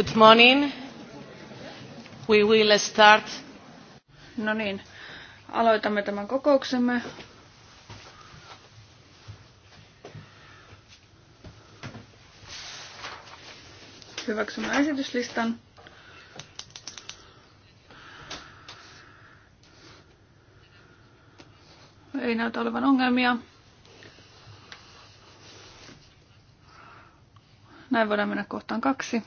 Good morning. We will start. No niin, aloitamme tämän kokouksemme. Hyväksymme esityslistan. Ei näytä olevan ongelmia. Näin voidaan mennä kohtaan kaksi.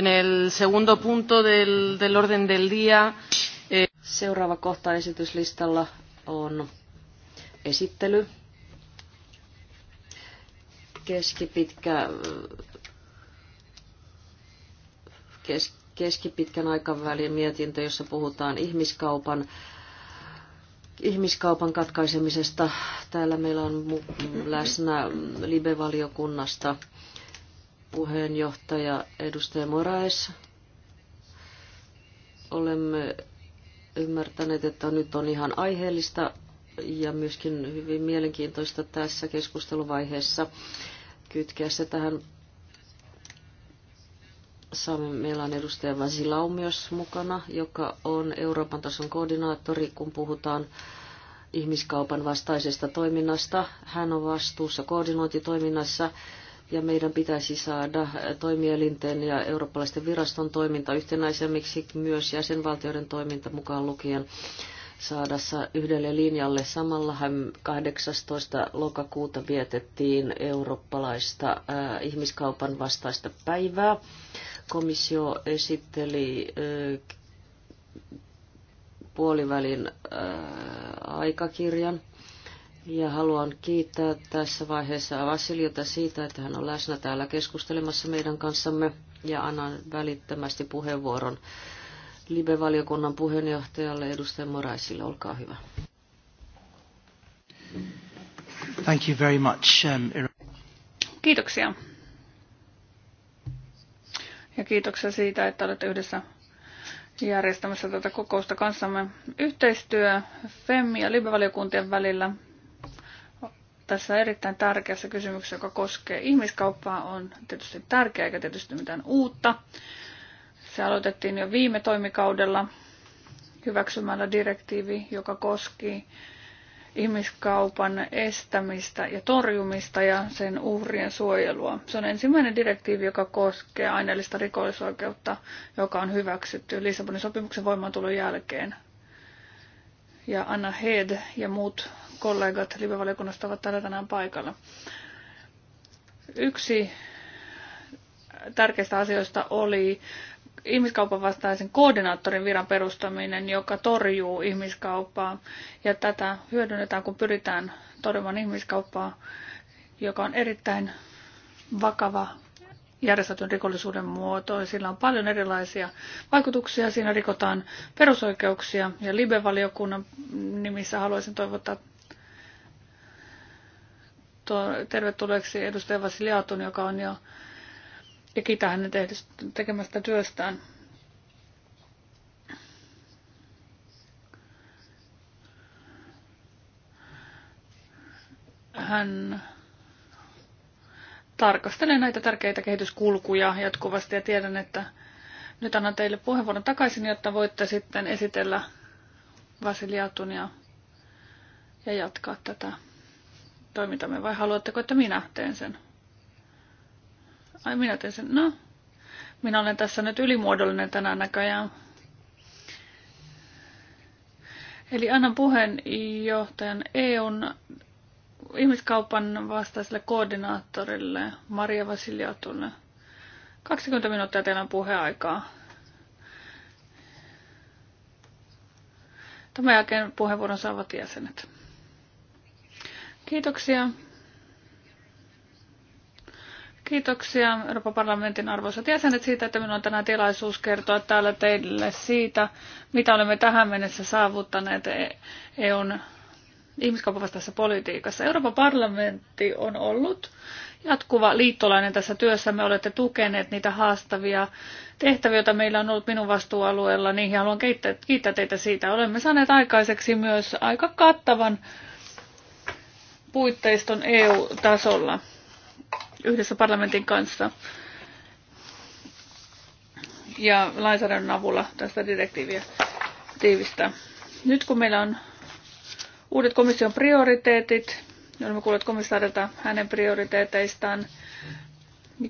En el segundo punto del, del orden del día... Eh... Seuraava kohta esityslistalla on esittely. Keskipitkä, kes, keskipitkän aikavälin mietintö, jossa puhutaan ihmiskaupan ihmiskaupan katkaisemisesta. Täällä meillä on läsnä live-valiokunnasta puheenjohtaja edustaja Moraes. Olemme ymmärtäneet, että nyt on ihan aiheellista ja myöskin hyvin mielenkiintoista tässä keskusteluvaiheessa kytkeä se tähän. Saamme, meillä on edustaja Vasilau myös mukana, joka on Euroopan tason koordinaattori, kun puhutaan ihmiskaupan vastaisesta toiminnasta. Hän on vastuussa koordinointitoiminnassa ja meidän pitäisi saada toimielinten ja eurooppalaisten viraston toiminta yhtenäisemmiksi myös jäsenvaltioiden toiminta mukaan lukien saadassa yhdelle linjalle. Samalla 18. lokakuuta vietettiin eurooppalaista äh, ihmiskaupan vastaista päivää. Komissio esitteli äh, puolivälin äh, aikakirjan ja haluan kiittää tässä vaiheessa Vasiliota siitä, että hän on läsnä täällä keskustelemassa meidän kanssamme ja annan välittömästi puheenvuoron Libe-valiokunnan puheenjohtajalle edustaja Moraisille. Olkaa hyvä. Thank you very much, um, Kiitoksia. Ja kiitoksia siitä, että olette yhdessä järjestämässä tätä kokousta kanssamme. Yhteistyö FEM- ja Libe-valiokuntien välillä tässä erittäin tärkeässä kysymyksessä, joka koskee ihmiskauppaa, on tietysti tärkeä eikä tietysti mitään uutta. Se aloitettiin jo viime toimikaudella hyväksymällä direktiivi, joka koski ihmiskaupan estämistä ja torjumista ja sen uhrien suojelua. Se on ensimmäinen direktiivi, joka koskee aineellista rikollisoikeutta, joka on hyväksytty Lissabonin sopimuksen voimaantulon jälkeen ja Anna Heed ja muut kollegat live-valiokunnasta ovat täällä tänään paikalla. Yksi tärkeistä asioista oli ihmiskaupan vastaisen koordinaattorin viran perustaminen, joka torjuu ihmiskauppaa. Ja tätä hyödynnetään, kun pyritään torjumaan ihmiskauppaa, joka on erittäin vakava järjestetyn rikollisuuden muotoon. Sillä on paljon erilaisia vaikutuksia. Siinä rikotaan perusoikeuksia ja Libe-valiokunnan nimissä haluaisin toivottaa tervetulleeksi edustaja Vasiliatun, joka on jo ja kiitän hänen tekemästä työstään. Hän tarkastelen näitä tärkeitä kehityskulkuja jatkuvasti ja tiedän, että nyt annan teille puheenvuoron takaisin, jotta voitte sitten esitellä Vasiliatun ja, ja jatkaa tätä toimintamme. Vai haluatteko, että minä teen sen? Ai minä teen sen. No, minä olen tässä nyt ylimuodollinen tänään näköjään. Eli annan puheenjohtajan EUn ihmiskaupan vastaiselle koordinaattorille Maria Vasiljatulle. 20 minuuttia teillä on puheaikaa. Tämän jälkeen puheenvuoron saavat jäsenet. Kiitoksia. Kiitoksia Euroopan parlamentin arvoisat jäsenet siitä, että minulla on tänään tilaisuus kertoa täällä teille siitä, mitä olemme tähän mennessä saavuttaneet EUn e ihmiskaupan vastaisessa politiikassa. Euroopan parlamentti on ollut jatkuva liittolainen tässä työssä. Me olette tukeneet niitä haastavia tehtäviä, joita meillä on ollut minun vastuualueella. Niihin haluan kiittää, kiittää teitä siitä. Olemme saaneet aikaiseksi myös aika kattavan puitteiston EU-tasolla yhdessä parlamentin kanssa ja lainsäädännön avulla tästä direktiiviä tiivistä. Nyt kun meillä on uudet komission prioriteetit. Olemme kuulleet komissaarilta hänen prioriteeteistaan.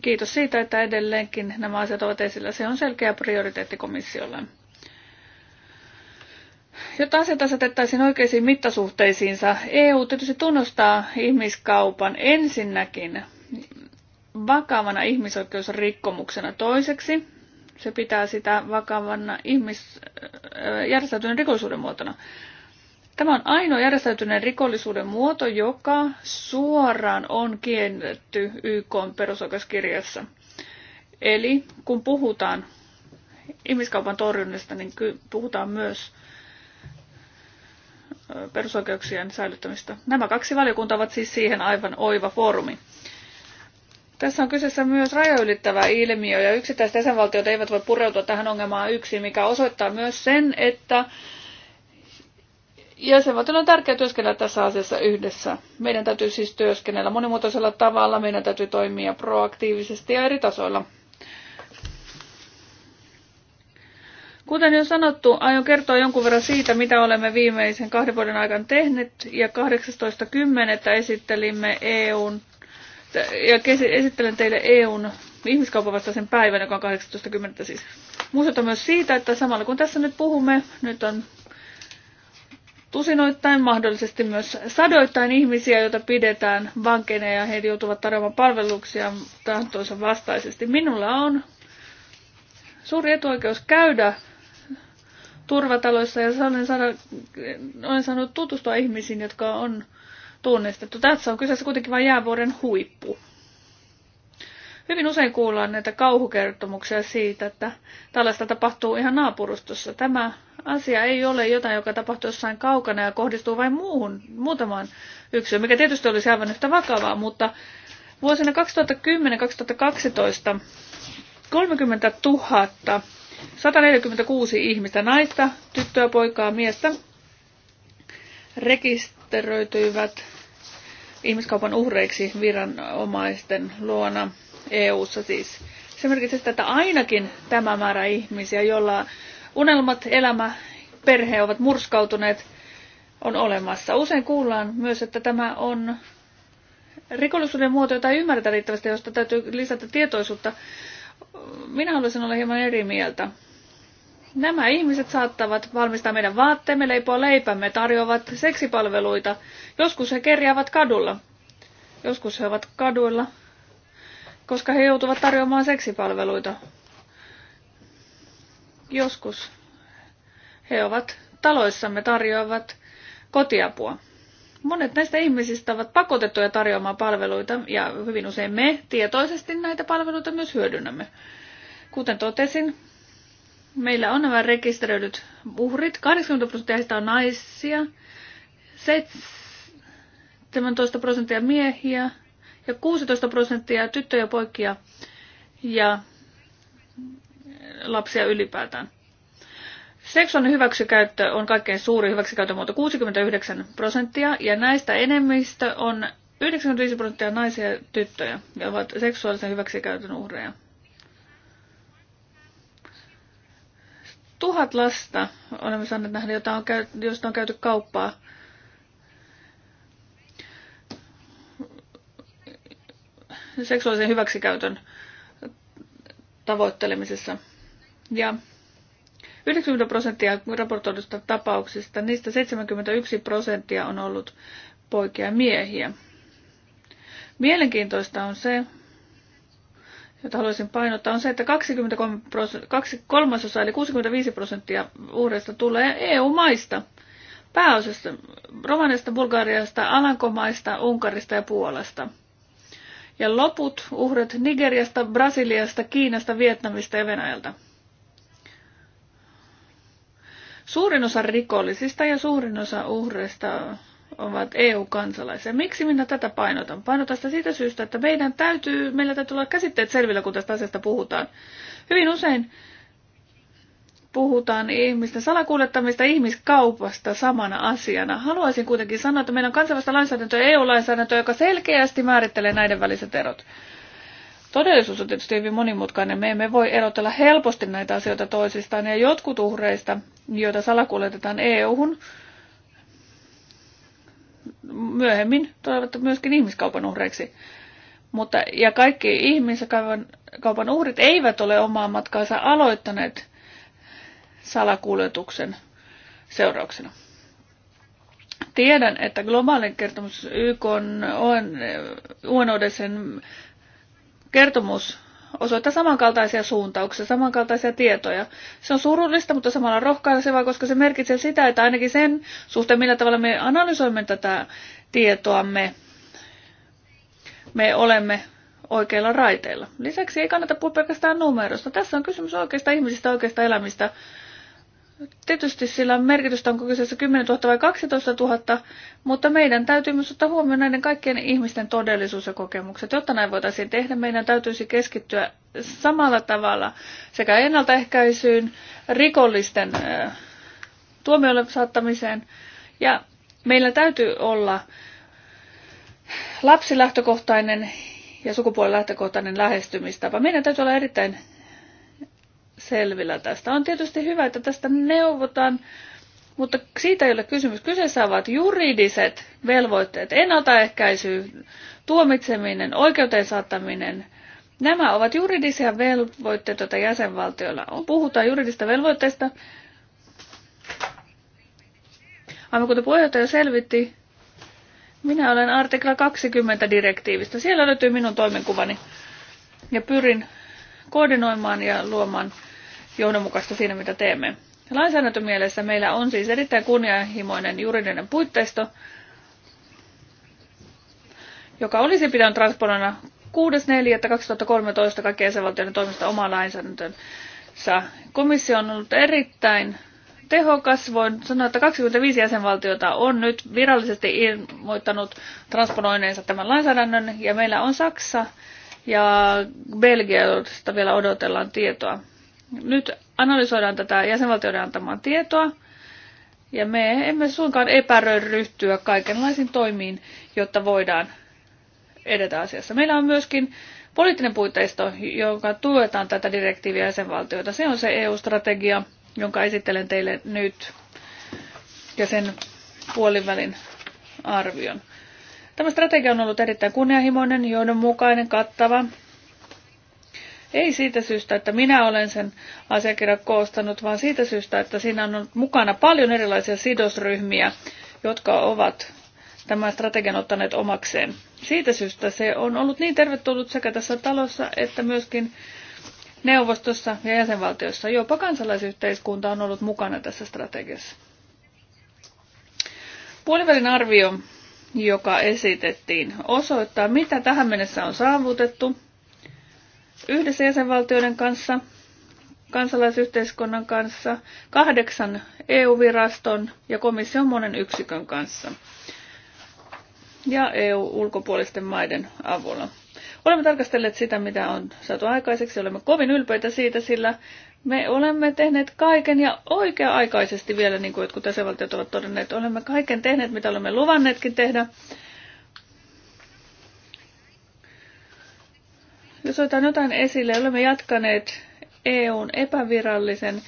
Kiitos siitä, että edelleenkin nämä asiat ovat esillä. Se on selkeä prioriteetti komissiolle. Jotta asiat asetettaisiin oikeisiin mittasuhteisiinsa, EU tietysti tunnustaa ihmiskaupan ensinnäkin vakavana ihmisoikeusrikkomuksena toiseksi. Se pitää sitä vakavana ihmis, järjestäytyneen rikollisuuden muotona. Tämä on ainoa järjestäytyneen rikollisuuden muoto, joka suoraan on kielletty YK perusoikeuskirjassa. Eli kun puhutaan ihmiskaupan torjunnasta, niin puhutaan myös perusoikeuksien säilyttämistä. Nämä kaksi valiokuntaa ovat siis siihen aivan oiva foorumi. Tässä on kyseessä myös rajoylittävä ilmiö ja yksittäiset jäsenvaltiot eivät voi pureutua tähän ongelmaan yksin, mikä osoittaa myös sen, että Jäsenvaltioilla on tärkeää työskennellä tässä asiassa yhdessä. Meidän täytyy siis työskennellä monimuotoisella tavalla, meidän täytyy toimia proaktiivisesti ja eri tasoilla. Kuten jo sanottu, aion kertoa jonkun verran siitä, mitä olemme viimeisen kahden vuoden aikana tehneet. Ja 18.10. esittelimme EUn, ja esittelen teille EUn ihmiskaupan vastaisen päivän, joka on 18.10. siis. Muistutan myös siitä, että samalla kun tässä nyt puhumme, nyt on tusinoittain, mahdollisesti myös sadoittain ihmisiä, joita pidetään vankeina ja he joutuvat tarjoamaan palveluksia tahtoisa vastaisesti. Minulla on suuri etuoikeus käydä turvataloissa ja olen, saanut, olen saanut tutustua ihmisiin, jotka on tunnistettu. Tässä on kyseessä kuitenkin vain jäävuoren huippu. Hyvin usein kuullaan näitä kauhukertomuksia siitä, että tällaista tapahtuu ihan naapurustossa. Tämä asia ei ole jotain, joka tapahtuu jossain kaukana ja kohdistuu vain muuhun, muutamaan yksilöön, mikä tietysti olisi aivan yhtä vakavaa, mutta vuosina 2010-2012 30 000 146 ihmistä, naista, tyttöä, poikaa, miestä, rekisteröityivät ihmiskaupan uhreiksi viranomaisten luona. EU-ssa siis. Se merkitsee sitä, että ainakin tämä määrä ihmisiä, joilla unelmat, elämä, perhe ovat murskautuneet, on olemassa. Usein kuullaan myös, että tämä on rikollisuuden muoto, jota ei ymmärretä riittävästi, josta täytyy lisätä tietoisuutta. Minä haluaisin olla hieman eri mieltä. Nämä ihmiset saattavat valmistaa meidän vaatteemme, leipoa leipämme, tarjoavat seksipalveluita. Joskus he kerjäävät kadulla. Joskus he ovat kaduilla koska he joutuvat tarjoamaan seksipalveluita. Joskus he ovat taloissamme tarjoavat kotiapua. Monet näistä ihmisistä ovat pakotettuja tarjoamaan palveluita ja hyvin usein me tietoisesti näitä palveluita myös hyödynnämme. Kuten totesin, meillä on nämä rekisteröidyt uhrit. 80 prosenttia heistä on naisia, 17 prosenttia miehiä, ja 16 prosenttia tyttöjä, poikia ja lapsia ylipäätään. Seksuaalinen hyväksikäyttö on kaikkein suuri hyväksikäyttömuoto, muoto, 69 prosenttia, ja näistä enemmistö on 95 prosenttia naisia ja tyttöjä, ja ovat seksuaalisen hyväksikäytön uhreja. Tuhat lasta olemme saaneet nähdä, josta on käyty kauppaa seksuaalisen hyväksikäytön tavoittelemisessa. Ja 90 prosenttia raportoidusta tapauksista, niistä 71 prosenttia on ollut poikia ja miehiä. Mielenkiintoista on se, jota haluaisin painottaa, on se, että 23 kolmasosa eli 65 prosenttia uhreista tulee EU-maista. Pääosassa Romaniasta, Bulgariasta, Alankomaista, Unkarista ja Puolasta – ja loput uhrit Nigeriasta, Brasiliasta, Kiinasta, Vietnamista ja Venäjältä. Suurin osa rikollisista ja suurin osa uhreista ovat EU-kansalaisia. Miksi minä tätä painotan? Painotan sitä siitä syystä, että meidän täytyy, meillä täytyy olla käsitteet selvillä, kun tästä asiasta puhutaan. Hyvin usein puhutaan ihmisten salakuljettamista ihmiskaupasta samana asiana. Haluaisin kuitenkin sanoa, että meidän kansainvälistä lainsäädäntöä ja e EU-lainsäädäntöä, joka selkeästi määrittelee näiden väliset erot. Todellisuus on tietysti hyvin monimutkainen. Me emme voi erotella helposti näitä asioita toisistaan ja jotkut uhreista, joita salakuljetetaan EU-hun, myöhemmin tulevat myöskin ihmiskaupan uhreiksi. Mutta, ja kaikki ihmiskaupan uhrit eivät ole omaa matkaansa aloittaneet – salakuljetuksen seurauksena. Tiedän, että globaalin kertomus YK UNODCn kertomus osoittaa samankaltaisia suuntauksia, samankaltaisia tietoja. Se on surullista, mutta samalla rohkaisevaa, koska se merkitsee sitä, että ainakin sen suhteen, millä tavalla me analysoimme tätä tietoamme, me olemme oikeilla raiteilla. Lisäksi ei kannata puhua pelkästään numerosta. Tässä on kysymys oikeista ihmisistä, oikeista elämistä, Tietysti sillä on merkitystä, onko kyseessä 10 000 vai 12 000, mutta meidän täytyy myös ottaa huomioon näiden kaikkien ihmisten todellisuus ja kokemukset. Jotta näin voitaisiin tehdä, meidän täytyisi keskittyä samalla tavalla sekä ennaltaehkäisyyn, rikollisten tuomioille saattamiseen ja meillä täytyy olla lapsilähtökohtainen ja sukupuolilähtökohtainen lähestymistapa. Meidän täytyy olla erittäin selvillä tästä. On tietysti hyvä, että tästä neuvotaan, mutta siitä ei ole kysymys. Kyseessä ovat juridiset velvoitteet, ennaltaehkäisy, tuomitseminen, oikeuteen saattaminen. Nämä ovat juridisia velvoitteita, joita jäsenvaltioilla on. Puhutaan juridista velvoitteista. Aivan kuten puheenjohtaja selvitti, minä olen artikla 20 direktiivistä. Siellä löytyy minun toimenkuvani ja pyrin koordinoimaan ja luomaan johdonmukaista siinä, mitä teemme. Lainsäädäntömielessä meillä on siis erittäin kunnianhimoinen juridinen puitteisto, joka olisi pitänyt transponana 6.4.2013 kaikkien jäsenvaltioiden toimista omaa lainsäädäntönsä. Komissio on ollut erittäin tehokas. Voin sanoa, että 25 jäsenvaltiota on nyt virallisesti ilmoittanut transponoineensa tämän lainsäädännön, ja meillä on Saksa ja Belgiasta vielä odotellaan tietoa. Nyt analysoidaan tätä jäsenvaltioiden antamaa tietoa, ja me emme suinkaan epäröi ryhtyä kaikenlaisiin toimiin, jotta voidaan edetä asiassa. Meillä on myöskin poliittinen puitteisto, jonka tuetaan tätä direktiiviä jäsenvaltioita. Se on se EU-strategia, jonka esittelen teille nyt ja sen puolivälin arvion. Tämä strategia on ollut erittäin kunnianhimoinen, johdonmukainen, kattava ei siitä syystä, että minä olen sen asiakirjan koostanut, vaan siitä syystä, että siinä on mukana paljon erilaisia sidosryhmiä, jotka ovat tämän strategian ottaneet omakseen. Siitä syystä se on ollut niin tervetullut sekä tässä talossa että myöskin neuvostossa ja jäsenvaltioissa. Jopa kansalaisyhteiskunta on ollut mukana tässä strategiassa. Puolivälin arvio, joka esitettiin, osoittaa, mitä tähän mennessä on saavutettu yhdessä jäsenvaltioiden kanssa, kansalaisyhteiskunnan kanssa, kahdeksan EU-viraston ja komission monen yksikön kanssa ja EU-ulkopuolisten maiden avulla. Olemme tarkastelleet sitä, mitä on saatu aikaiseksi. Olemme kovin ylpeitä siitä, sillä me olemme tehneet kaiken ja oikea-aikaisesti vielä, niin kuin jotkut jäsenvaltiot ovat todenneet, olemme kaiken tehneet, mitä olemme luvanneetkin tehdä. Jos otan jotain esille, olemme jatkaneet EUn epävirallisen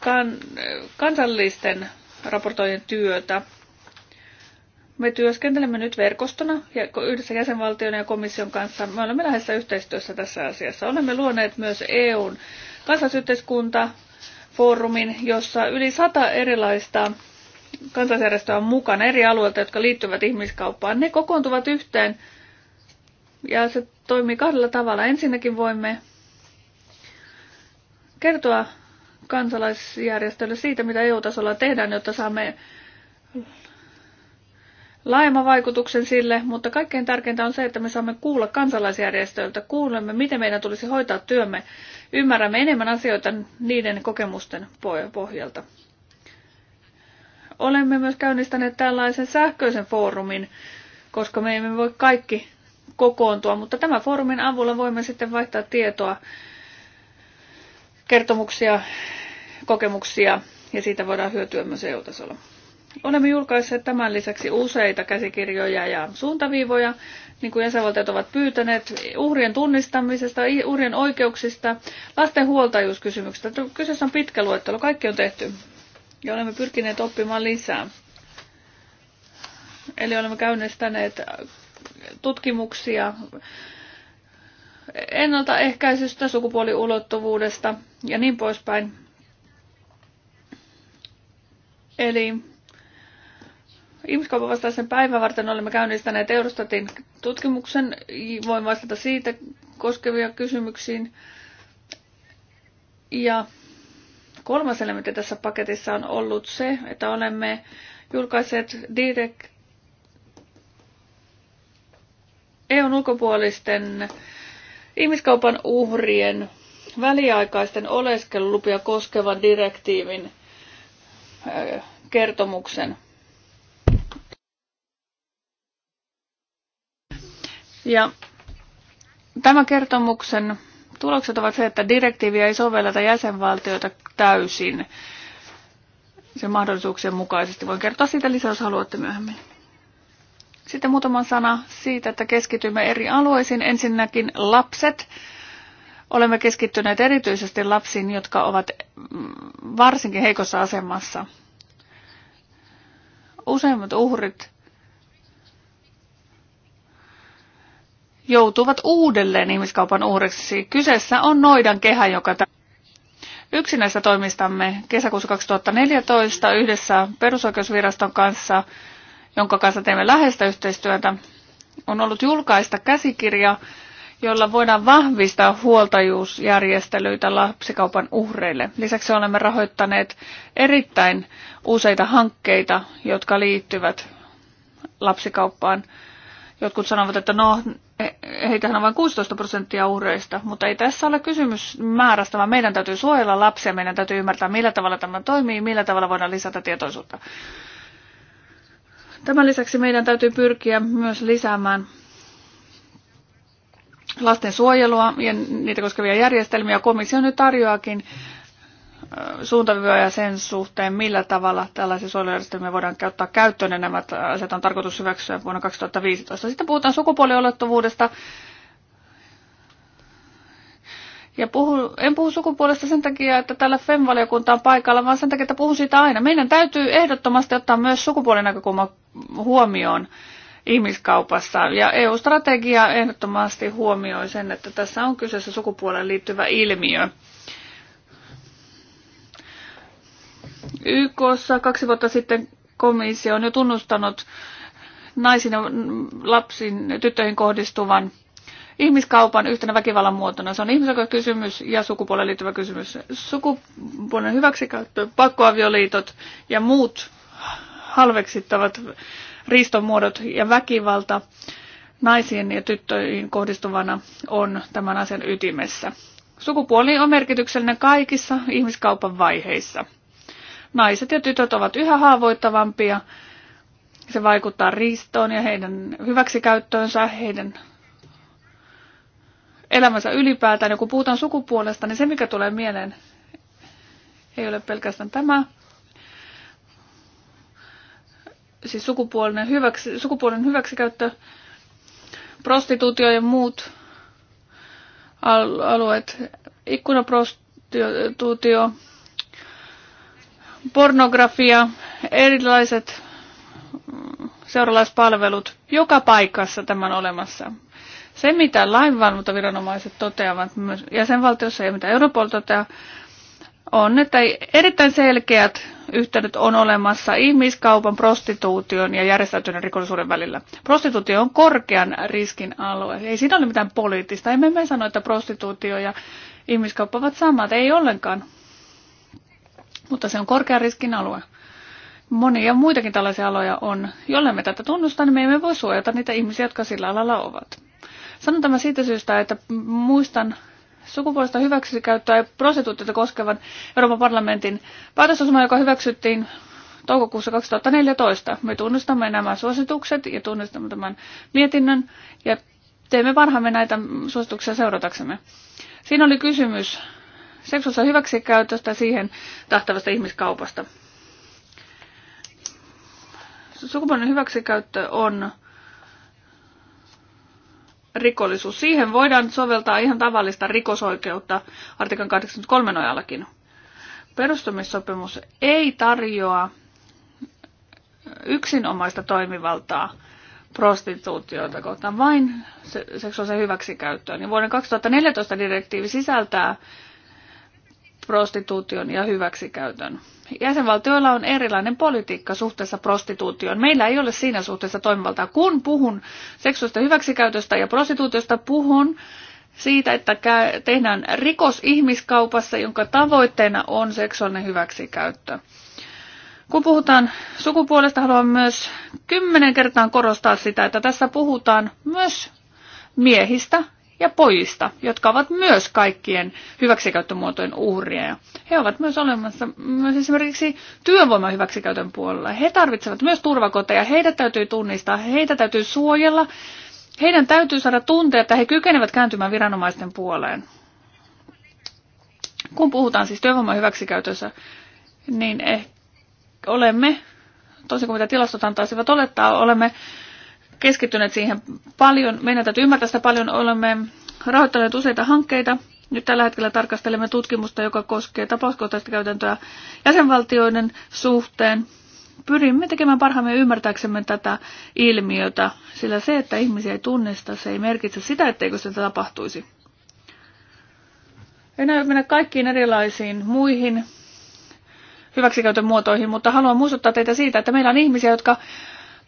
kan- kansallisten raportoijien työtä. Me työskentelemme nyt verkostona ja yhdessä jäsenvaltion ja komission kanssa. Me olemme lähes yhteistyössä tässä asiassa. Olemme luoneet myös EUn kansallisyhteiskunta foorumin, jossa yli sata erilaista kansallisjärjestöä on mukana eri alueilta, jotka liittyvät ihmiskauppaan. Ne kokoontuvat yhteen ja se toimii kahdella tavalla. Ensinnäkin voimme kertoa kansalaisjärjestöille siitä, mitä EU-tasolla tehdään, jotta saamme laajemman vaikutuksen sille, mutta kaikkein tärkeintä on se, että me saamme kuulla kansalaisjärjestöiltä, kuulemme, miten meidän tulisi hoitaa työmme, ymmärrämme enemmän asioita niiden kokemusten pohjalta. Olemme myös käynnistäneet tällaisen sähköisen foorumin, koska me emme voi kaikki kokoontua, mutta tämän foorumin avulla voimme sitten vaihtaa tietoa, kertomuksia, kokemuksia ja siitä voidaan hyötyä myös EU-tasolla. Olemme julkaisseet tämän lisäksi useita käsikirjoja ja suuntaviivoja, niin kuin jäsenvaltiot ovat pyytäneet, uhrien tunnistamisesta, uhrien oikeuksista, lasten huoltajuuskysymyksistä. Kyseessä on pitkä luettelo, kaikki on tehty ja olemme pyrkineet oppimaan lisää. Eli olemme käynnistäneet tutkimuksia ennaltaehkäisystä, sukupuoliulottuvuudesta ja niin poispäin. Eli ihmiskaupan vastaisen päivän varten olemme käynnistäneet Eurostatin tutkimuksen. Voin vastata siitä koskevia kysymyksiin. Ja kolmas elementti tässä paketissa on ollut se, että olemme julkaiseet direkt EUn ulkopuolisten ihmiskaupan uhrien väliaikaisten oleskelulupia koskevan direktiivin äh, kertomuksen. Ja tämän kertomuksen tulokset ovat se, että direktiiviä ei sovelleta jäsenvaltioita täysin sen mahdollisuuksien mukaisesti. Voin kertoa siitä lisää, jos haluatte myöhemmin. Sitten muutama sana siitä, että keskitymme eri alueisiin. Ensinnäkin lapset. Olemme keskittyneet erityisesti lapsiin, jotka ovat mm, varsinkin heikossa asemassa. Useimmat uhrit joutuvat uudelleen ihmiskaupan uhreksi. Kyseessä on noidan kehä, joka t- Yksi näistä toimistamme kesäkuussa 2014 yhdessä perusoikeusviraston kanssa jonka kanssa teemme läheistä yhteistyötä, on ollut julkaista käsikirja, jolla voidaan vahvistaa huoltajuusjärjestelyitä lapsikaupan uhreille. Lisäksi olemme rahoittaneet erittäin useita hankkeita, jotka liittyvät lapsikauppaan. Jotkut sanovat, että no, heitähän on vain 16 prosenttia uhreista, mutta ei tässä ole kysymys määrästä, vaan meidän täytyy suojella lapsia, meidän täytyy ymmärtää, millä tavalla tämä toimii, millä tavalla voidaan lisätä tietoisuutta. Tämän lisäksi meidän täytyy pyrkiä myös lisäämään suojelua ja niitä koskevia järjestelmiä. Komissio nyt tarjoakin suuntavyöjä sen suhteen, millä tavalla tällaisia suojelujärjestelmiä voidaan käyttää käyttöön. Ja nämä asiat on tarkoitus hyväksyä vuonna 2015. Sitten puhutaan sukupuoliulottuvuudesta. Ja puhu, en puhu sukupuolesta sen takia, että täällä FEM-valiokunta on paikalla, vaan sen takia, että puhun siitä aina. Meidän täytyy ehdottomasti ottaa myös sukupuolinäkökulma huomioon ihmiskaupassa. Ja EU-strategia ehdottomasti huomioi sen, että tässä on kyseessä sukupuoleen liittyvä ilmiö. YKssa kaksi vuotta sitten komissio on jo tunnustanut naisin ja lapsiin tyttöihin kohdistuvan ihmiskaupan yhtenä väkivallan muotona. Se on ihmisoikeuskysymys ja sukupuoleen liittyvä kysymys. Sukupuolen hyväksikäyttö, pakkoavioliitot ja muut halveksittavat riistomuodot ja väkivalta naisiin ja tyttöihin kohdistuvana on tämän asian ytimessä. Sukupuoli on merkityksellinen kaikissa ihmiskaupan vaiheissa. Naiset ja tytöt ovat yhä haavoittavampia. Se vaikuttaa riistoon ja heidän hyväksikäyttöönsä, heidän elämänsä ylipäätään. Ja kun puhutaan sukupuolesta, niin se mikä tulee mieleen ei ole pelkästään tämä, siis sukupuolinen hyväksi, sukupuolen hyväksikäyttö, prostituutio ja muut alueet, ikkunaprostituutio, pornografia, erilaiset mm, seuralaispalvelut, joka paikassa tämän olemassa. Se, mitä lainvalvontaviranomaiset toteavat myös jäsenvaltiossa ja mitä Europol toteaa, on, että erittäin selkeät yhteydet on olemassa ihmiskaupan, prostituution ja järjestäytyneen rikollisuuden välillä. Prostituutio on korkean riskin alue. Ei siinä ole mitään poliittista. Emme me sano, että prostituutio ja ihmiskauppa ovat samat. Ei ollenkaan. Mutta se on korkean riskin alue. Monia muitakin tällaisia aloja on. Jolle me tätä tunnusta, niin me emme voi suojata niitä ihmisiä, jotka sillä alalla ovat. Sanon tämän siitä syystä, että muistan sukupuolista hyväksikäyttöä ja prostituutiota koskevan Euroopan parlamentin päätösosuma, joka hyväksyttiin toukokuussa 2014. Me tunnistamme nämä suositukset ja tunnistamme tämän mietinnön ja teemme parhaamme näitä suosituksia seurataksemme. Siinä oli kysymys seksuaalista hyväksikäytöstä siihen tähtävästä ihmiskaupasta. Sukupuolinen hyväksikäyttö on rikollisuus. Siihen voidaan soveltaa ihan tavallista rikosoikeutta artikan 83 nojallakin. Perustumissopimus ei tarjoa yksinomaista toimivaltaa prostituutioita kohtaan, vain seksuaalisen hyväksikäyttöön. Niin vuoden 2014 direktiivi sisältää prostituution ja hyväksikäytön. Jäsenvaltioilla on erilainen politiikka suhteessa prostituutioon. Meillä ei ole siinä suhteessa toimivaltaa. Kun puhun seksuaalista hyväksikäytöstä ja prostituutiosta, puhun siitä, että tehdään rikos ihmiskaupassa, jonka tavoitteena on seksuaalinen hyväksikäyttö. Kun puhutaan sukupuolesta, haluan myös kymmenen kertaa korostaa sitä, että tässä puhutaan myös miehistä ja pojista, jotka ovat myös kaikkien hyväksikäyttömuotojen uhria. He ovat myös olemassa myös esimerkiksi työvoiman hyväksikäytön puolella. He tarvitsevat myös turvakoteja, heidät täytyy tunnistaa, heitä täytyy suojella. Heidän täytyy saada tuntea, että he kykenevät kääntymään viranomaisten puoleen. Kun puhutaan siis työvoiman hyväksikäytössä, niin eh, olemme, tosi kuin mitä tilastot antaisivat olettaa, olemme keskittyneet siihen paljon. Meidän täytyy ymmärtää sitä paljon. Olemme rahoittaneet useita hankkeita. Nyt tällä hetkellä tarkastelemme tutkimusta, joka koskee tapauskohtaista käytäntöä jäsenvaltioiden suhteen. Pyrimme tekemään parhaamme ymmärtääksemme tätä ilmiötä, sillä se, että ihmisiä ei tunnista, se ei merkitse sitä, etteikö sitä tapahtuisi. En aio mennä kaikkiin erilaisiin muihin hyväksikäytön muotoihin, mutta haluan muistuttaa teitä siitä, että meillä on ihmisiä, jotka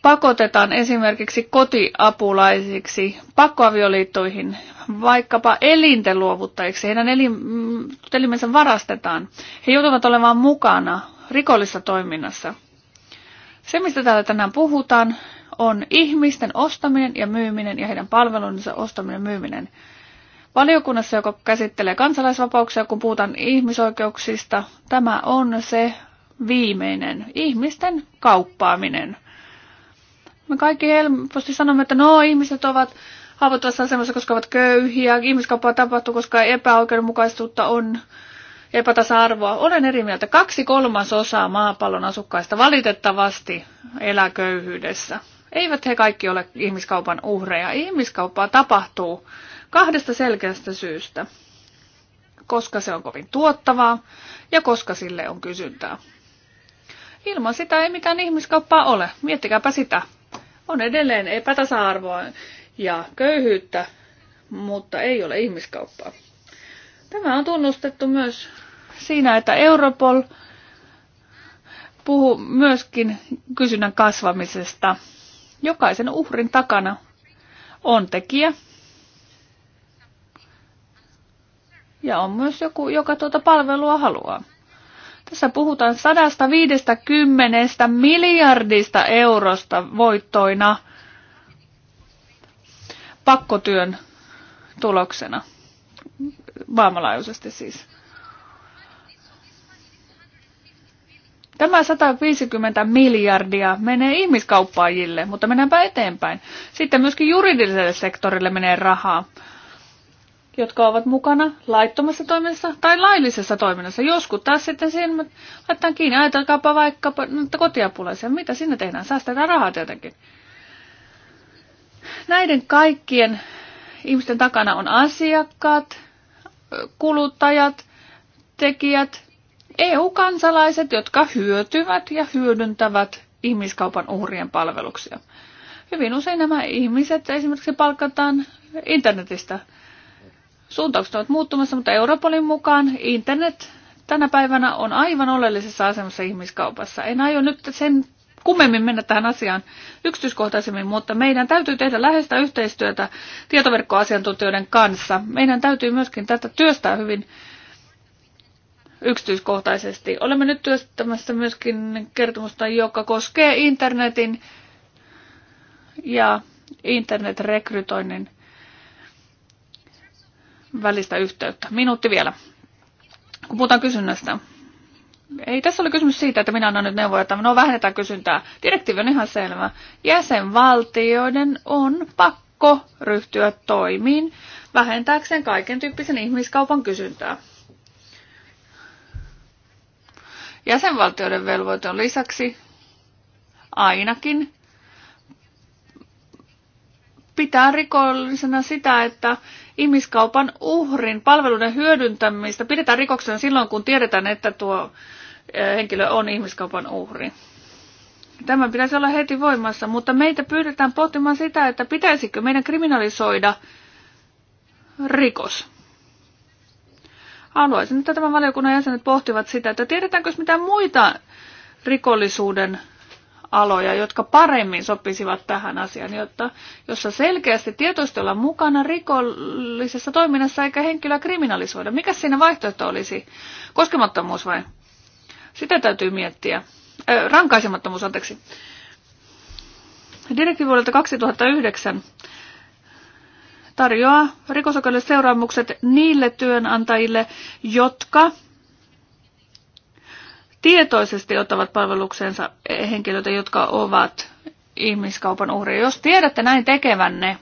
pakotetaan esimerkiksi kotiapulaisiksi pakkoavioliittoihin, vaikkapa elinten luovuttajiksi, heidän mm, elimensä varastetaan. He joutuvat olemaan mukana rikollisessa toiminnassa. Se, mistä täällä tänään puhutaan, on ihmisten ostaminen ja myyminen ja heidän palvelunsa ostaminen ja myyminen. Valiokunnassa, joka käsittelee kansalaisvapauksia, kun puhutaan ihmisoikeuksista, tämä on se viimeinen ihmisten kauppaaminen – me kaikki helposti sanomme, että no ihmiset ovat haavoittuvassa asemassa, koska ovat köyhiä, ihmiskauppaa tapahtuu, koska epäoikeudenmukaisuutta on epätasa-arvoa. Olen eri mieltä. Kaksi kolmasosaa maapallon asukkaista valitettavasti elää köyhyydessä. Eivät he kaikki ole ihmiskaupan uhreja. Ihmiskauppaa tapahtuu kahdesta selkeästä syystä. Koska se on kovin tuottavaa ja koska sille on kysyntää. Ilman sitä ei mitään ihmiskauppaa ole. Miettikääpä sitä. On edelleen epätasa-arvoa ja köyhyyttä, mutta ei ole ihmiskauppaa. Tämä on tunnustettu myös siinä, että Europol puhuu myöskin kysynnän kasvamisesta. Jokaisen uhrin takana on tekijä. Ja on myös joku, joka tuota palvelua haluaa. Tässä puhutaan 150 miljardista eurosta voittoina pakkotyön tuloksena, maailmanlaajuisesti siis. Tämä 150 miljardia menee ihmiskauppaajille, mutta mennäänpä eteenpäin. Sitten myöskin juridiselle sektorille menee rahaa jotka ovat mukana laittomassa toiminnassa tai laillisessa toiminnassa. Joskus taas sitten siinä laitetaan kiinni, ajatelkaapa vaikka kotiapulaisia, mitä sinne tehdään, säästetään rahaa tietenkin. Näiden kaikkien ihmisten takana on asiakkaat, kuluttajat, tekijät, EU-kansalaiset, jotka hyötyvät ja hyödyntävät ihmiskaupan uhrien palveluksia. Hyvin usein nämä ihmiset esimerkiksi palkataan internetistä Suuntaukset ovat muuttumassa, mutta Europolin mukaan internet tänä päivänä on aivan oleellisessa asemassa ihmiskaupassa. En aio nyt sen kummemmin mennä tähän asiaan yksityiskohtaisemmin, mutta meidän täytyy tehdä läheistä yhteistyötä tietoverkkoasiantuntijoiden kanssa. Meidän täytyy myöskin tätä työstää hyvin yksityiskohtaisesti. Olemme nyt työstämässä myöskin kertomusta, joka koskee internetin ja internetrekrytoinnin välistä yhteyttä. Minuutti vielä. Kun puhutaan kysynnästä. Ei tässä ole kysymys siitä, että minä annan nyt neuvoja, että no vähennetään kysyntää. Direktiivi on ihan selvä. Jäsenvaltioiden on pakko ryhtyä toimiin vähentääkseen kaiken tyyppisen ihmiskaupan kysyntää. Jäsenvaltioiden velvoite on lisäksi ainakin pitää rikollisena sitä, että ihmiskaupan uhrin palveluiden hyödyntämistä pidetään rikoksena silloin, kun tiedetään, että tuo eh, henkilö on ihmiskaupan uhri. Tämä pitäisi olla heti voimassa, mutta meitä pyydetään pohtimaan sitä, että pitäisikö meidän kriminalisoida rikos. Haluaisin, että tämän valiokunnan jäsenet pohtivat sitä, että tiedetäänkö mitä muita rikollisuuden aloja, jotka paremmin sopisivat tähän asiaan, jotta, jossa selkeästi tietoisesti olla mukana rikollisessa toiminnassa eikä henkilöä kriminalisoida. Mikä siinä vaihtoehto olisi? Koskemattomuus vai? Sitä täytyy miettiä. Ö, rankaisemattomuus, anteeksi. Direktiivi vuodelta 2009 tarjoaa rikosoikeudelliset seuraamukset niille työnantajille, jotka tietoisesti ottavat palveluksensa henkilöitä, jotka ovat ihmiskaupan uhreja. Jos tiedätte näin tekevänne,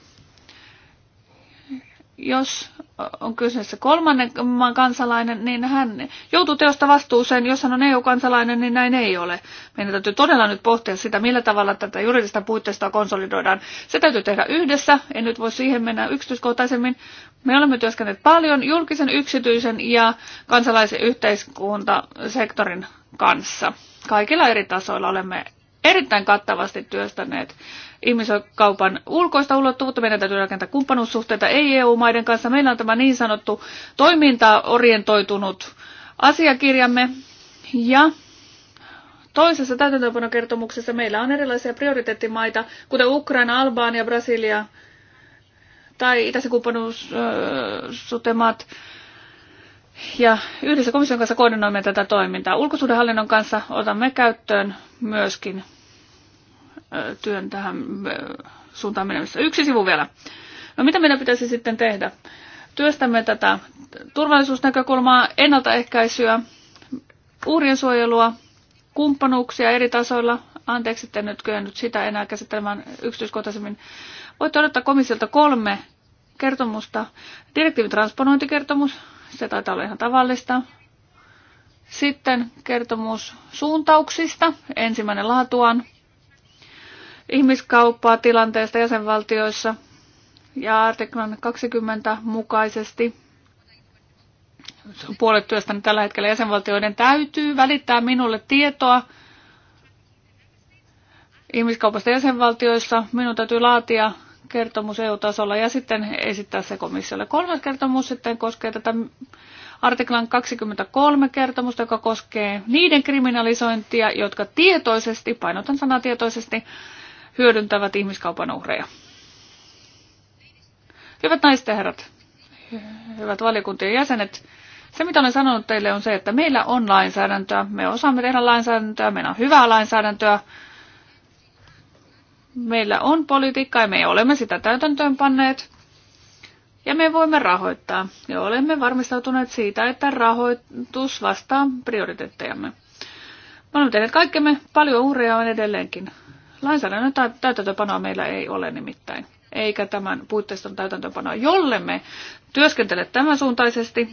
jos on kyseessä kolmannen maan kansalainen, niin hän joutuu teosta vastuuseen. Jos hän on EU-kansalainen, niin näin ei ole. Meidän täytyy todella nyt pohtia sitä, millä tavalla tätä juridista puitteista konsolidoidaan. Se täytyy tehdä yhdessä. En nyt voi siihen mennä yksityiskohtaisemmin. Me olemme työskennelleet paljon julkisen, yksityisen ja kansalaisen yhteiskuntasektorin kanssa. Kaikilla eri tasoilla olemme erittäin kattavasti työstäneet ihmiskaupan ulkoista ulottuvuutta. Meidän täytyy rakentaa kumppanuussuhteita ei-EU-maiden kanssa. Meillä on tämä niin sanottu toimintaorientoitunut asiakirjamme. Ja toisessa täytäntöönpanokertomuksessa meillä on erilaisia prioriteettimaita, kuten Ukraina, Albania, Brasilia tai itäisen kumppanuussuhteen Öö, ja yhdessä komission kanssa koordinoimme tätä toimintaa. Ulkosuhdehallinnon kanssa otamme käyttöön myöskin työn tähän suuntaan menemistä. Yksi sivu vielä. No mitä meidän pitäisi sitten tehdä? Työstämme tätä turvallisuusnäkökulmaa, ennaltaehkäisyä, uhrien suojelua, kumppanuuksia eri tasoilla. Anteeksi, että nyt kyennyt sitä enää käsittelemään yksityiskohtaisemmin. Voitte odottaa komissiolta kolme kertomusta. Direktiivin transponointikertomus, se taitaa olla ihan tavallista. Sitten kertomus suuntauksista. Ensimmäinen laatuaan. Ihmiskauppaa tilanteesta jäsenvaltioissa ja artiklan 20 mukaisesti puolet työstäni tällä hetkellä jäsenvaltioiden täytyy välittää minulle tietoa ihmiskaupasta jäsenvaltioissa. Minun täytyy laatia kertomus EU-tasolla ja sitten esittää se komissiolle. Kolmas kertomus sitten koskee tätä artiklan 23 kertomusta, joka koskee niiden kriminalisointia, jotka tietoisesti, painotan sanaa tietoisesti, hyödyntävät ihmiskaupan uhreja. Hyvät naiset ja herrat, hyvät valiokuntien jäsenet, se mitä olen sanonut teille on se, että meillä on lainsäädäntöä, me osaamme tehdä lainsäädäntöä, meillä on hyvää lainsäädäntöä, Meillä on politiikka ja me olemme sitä täytäntöön panneet. Ja me voimme rahoittaa. Ja olemme varmistautuneet siitä, että rahoitus vastaa prioriteettejamme. Me olemme tehneet kaikkemme. Paljon uhreja on edelleenkin. Lainsäädännön täytäntöpanoa meillä ei ole nimittäin. Eikä tämän puitteiston täytäntöpanoa. me työskentele tämän suuntaisesti,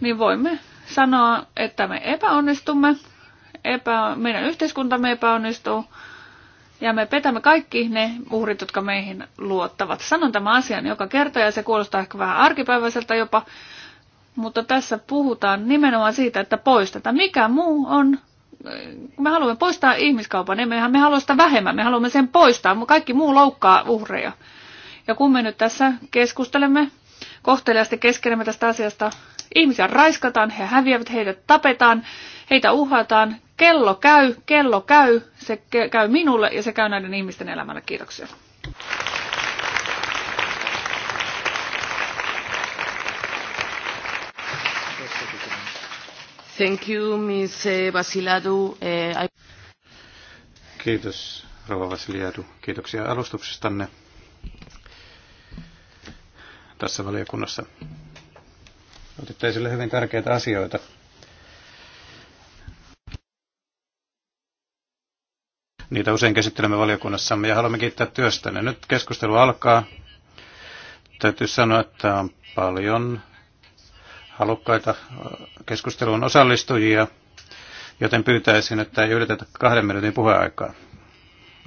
niin voimme sanoa, että me epäonnistumme. Epä, meidän yhteiskuntamme epäonnistuu ja me petämme kaikki ne uhrit, jotka meihin luottavat. Sanon tämän asian joka kerta ja se kuulostaa ehkä vähän arkipäiväiseltä jopa, mutta tässä puhutaan nimenomaan siitä, että poistetaan. Mikä muu on? Me haluamme poistaa ihmiskaupan, emmehän me halua sitä vähemmän, me haluamme sen poistaa, mutta kaikki muu loukkaa uhreja. Ja kun me nyt tässä keskustelemme kohteliaasti keskenemme tästä asiasta, ihmisiä raiskataan, he häviävät, heidät tapetaan, heitä uhataan, kello käy, kello käy, se käy minulle ja se käy näiden ihmisten elämällä. Kiitoksia. Thank you, Miss eh, Vasiladu. Eh, Kiitos, Rova Vasiliadu. Kiitoksia alustuksestanne tässä valiokunnassa. Otitte esille hyvin tärkeitä asioita. Niitä usein käsittelemme valiokunnassamme ja haluamme kiittää työstänne. Nyt keskustelu alkaa. Täytyy sanoa, että on paljon halukkaita keskusteluun osallistujia, joten pyytäisin, että ei ylitetä kahden minuutin puheaikaa.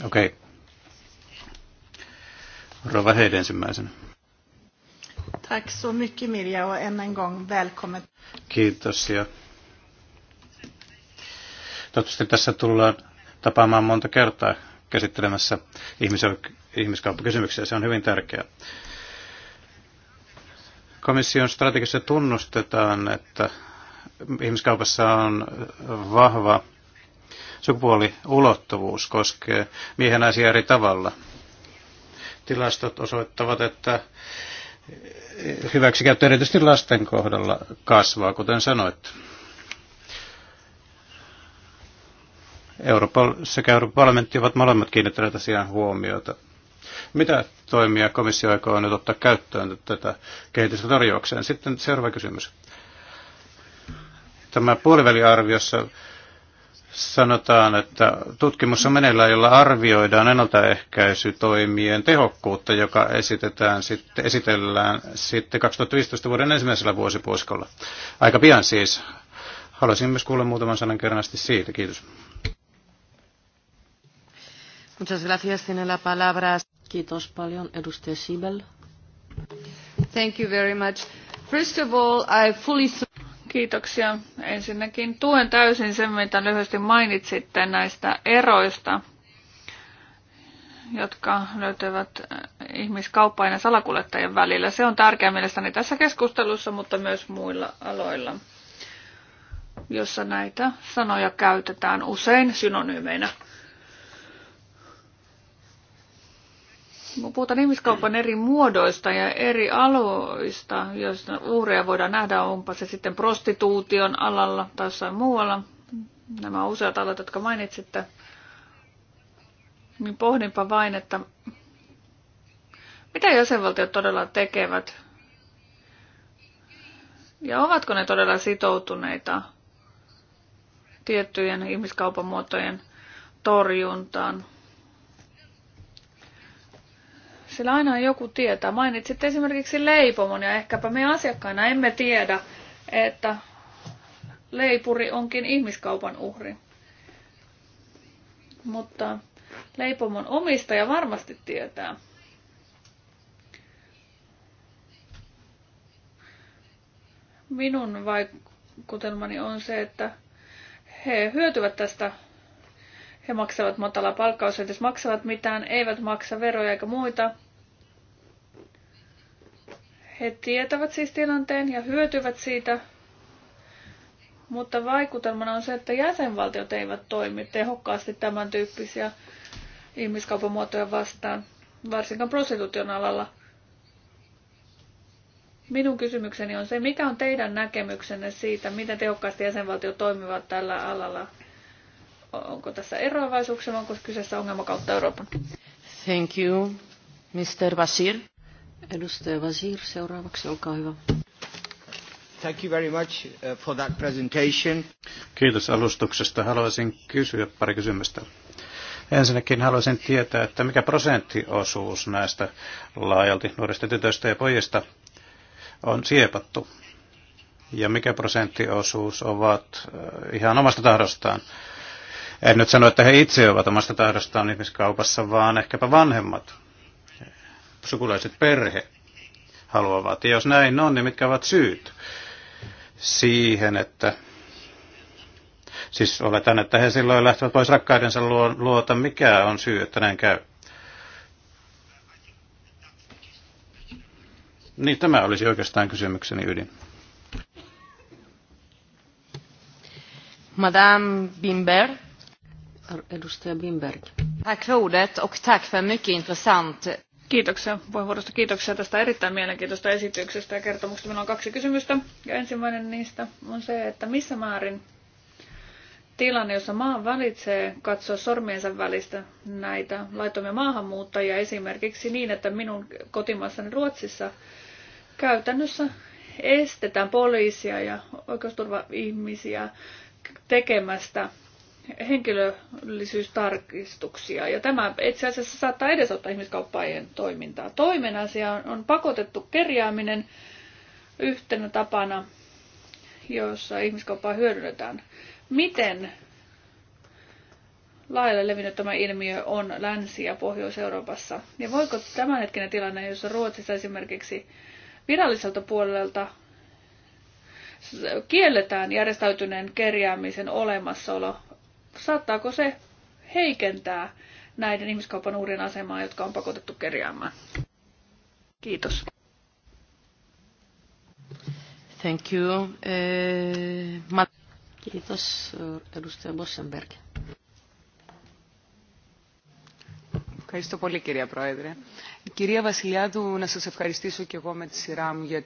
Okei. Okay. Rova Heide ensimmäisenä. Tack så mycket Mirja och än en gång välkommen. Kiitos ja toivottavasti tässä tullaan tapaamaan monta kertaa käsittelemässä ihmiskauppakysymyksiä. Se on hyvin tärkeää. Komission strategiassa tunnustetaan, että ihmiskaupassa on vahva sukupuoliulottuvuus, koskee miehen asia eri tavalla. Tilastot osoittavat, että hyväksikäyttö erityisesti lasten kohdalla kasvaa, kuten sanoit. Euroopan sekä Euroopan parlamentti ovat molemmat kiinnittäneet asiaan huomiota. Mitä toimia komissio aikoo nyt ottaa käyttöön tätä kehitystä torjuakseen? Sitten seuraava kysymys. Tämä puoliväliarviossa sanotaan, että tutkimus on meneillään, jolla arvioidaan ennaltaehkäisytoimien tehokkuutta, joka esitetään sitten, esitellään sitten 2015 vuoden ensimmäisellä vuosipuiskolla. Aika pian siis. Haluaisin myös kuulla muutaman sanan kerran siitä. Kiitos. Muchas gracias. Tiene la palabra. Kiitos paljon. Edustaja Sibel. Thank you very much. First of all, I fully... Kiitoksia. Ensinnäkin tuen täysin sen, mitä lyhyesti mainitsitte näistä eroista, jotka löytyvät eh, ihmiskauppain ja salakuljettajien välillä. Se on tärkeää mielestäni tässä keskustelussa, mutta myös muilla aloilla, jossa näitä sanoja käytetään usein synonyymeinä. puhutaan ihmiskaupan eri muodoista ja eri aloista, joista uhreja voidaan nähdä, onpa se sitten prostituution alalla tai jossain muualla. Nämä useat alat, jotka mainitsitte, niin pohdinpa vain, että mitä jäsenvaltiot todella tekevät ja ovatko ne todella sitoutuneita tiettyjen ihmiskaupan muotojen torjuntaan sillä aina joku tietää. Mainitsit esimerkiksi leipomon ja ehkäpä me asiakkaina emme tiedä, että leipuri onkin ihmiskaupan uhri. Mutta leipomon omistaja varmasti tietää. Minun vaikutelmani on se, että he hyötyvät tästä he maksavat matala palkkausta, jos maksavat mitään, eivät maksa veroja eikä muita. He tietävät siis tilanteen ja hyötyvät siitä, mutta vaikutelmana on se, että jäsenvaltiot eivät toimi tehokkaasti tämän tyyppisiä ihmiskaupan muotoja vastaan, varsinkaan prostituution alalla. Minun kysymykseni on se, mikä on teidän näkemyksenne siitä, miten tehokkaasti jäsenvaltiot toimivat tällä alalla? Onko tässä eroavaisuuksia, onko kyseessä ongelma kautta Euroopan? Thank you, Mr. Basir. Edustaja Vazir, seuraavaksi, olkaa hyvä. Thank you very much uh, for that presentation. Kiitos alustuksesta. Haluaisin kysyä pari kysymystä. Ensinnäkin haluaisin tietää, että mikä prosenttiosuus näistä laajalti nuorista tytöistä ja pojista on siepattu ja mikä prosenttiosuus ovat uh, ihan omasta tahdostaan. En nyt sano, että he itse ovat omasta tahdostaan ihmiskaupassa, vaan ehkäpä vanhemmat sukulaiset perhe haluavat. Ja jos näin on, niin mitkä ovat syyt siihen, että Siis oletan, että he silloin lähtevät pois rakkaidensa luota. Mikä on syy, että näin käy? Niin, tämä olisi oikeastaan kysymykseni ydin. Madame Bimber. Edustaja Bimberg. Tack för ordet och tack för mycket intressant Kiitoksia puheenvuorosta. Kiitoksia tästä erittäin mielenkiintoista esityksestä ja kertomuksesta. Minulla on kaksi kysymystä. Ja ensimmäinen niistä on se, että missä määrin tilanne, jossa maa valitsee katsoa sormiensa välistä näitä laittomia maahanmuuttajia esimerkiksi niin, että minun kotimaassani niin Ruotsissa käytännössä estetään poliisia ja oikeusturvaihmisiä tekemästä henkilöllisyystarkistuksia. Ja tämä itse asiassa saattaa edesottaa ihmiskauppaajien toimintaa. Toinen asia on pakotettu kerjääminen yhtenä tapana, jossa ihmiskauppaa hyödynnetään. Miten laajalle levinnyt tämä ilmiö on Länsi- ja Pohjois-Euroopassa? Ja voiko tämänhetkinen tilanne, jossa Ruotsissa esimerkiksi viralliselta puolelta kielletään järjestäytyneen kerjäämisen olemassaolo saattaako se heikentää näiden ihmiskaupan uhrien asemaa, jotka on pakotettu kerjäämään? Kiitos. Thank you. Eh, Kiitos, edustaja Bossenberg. Ευχαριστώ πολύ κυρία Πρόεδρε. Κυρία Βασιλιάδου, να σας ευχαριστήσω και εγώ με τη σειρά μου για...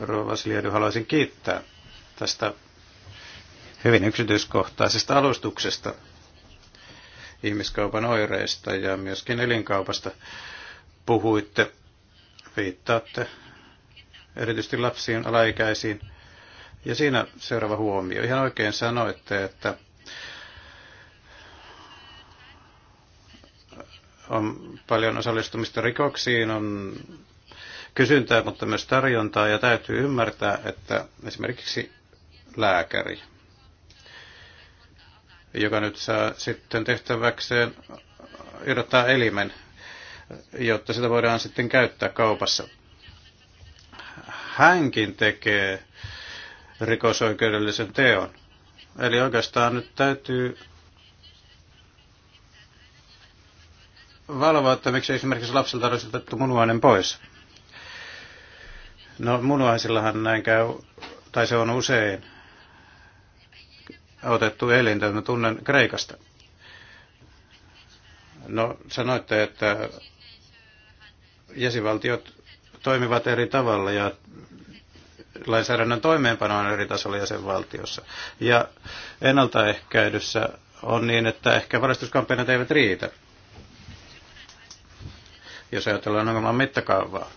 Vasiliadu, haluaisin kiittää tästä hyvin yksityiskohtaisesta alustuksesta ihmiskaupan oireista ja myöskin elinkaupasta puhuitte. Viittaatte erityisesti lapsiin, alaikäisiin. Ja siinä seuraava huomio. Ihan oikein sanoitte, että on paljon osallistumista rikoksiin, on kysyntää, mutta myös tarjontaa, ja täytyy ymmärtää, että esimerkiksi lääkäri joka nyt saa sitten tehtäväkseen irrottaa elimen, jotta sitä voidaan sitten käyttää kaupassa. Hänkin tekee rikosoikeudellisen teon. Eli oikeastaan nyt täytyy valvoa, että miksi esimerkiksi lapselta olisi otettu munuainen pois. No munuaisillahan näin käy, tai se on usein otettu elintä, mä tunnen Kreikasta. No, sanoitte, että jäsenvaltiot toimivat eri tavalla ja lainsäädännön toimeenpano on eri tasolla jäsenvaltiossa. Ja ennaltaehkäydyssä on niin, että ehkä varastuskampanjat eivät riitä, jos ajatellaan ongelman mittakaavaa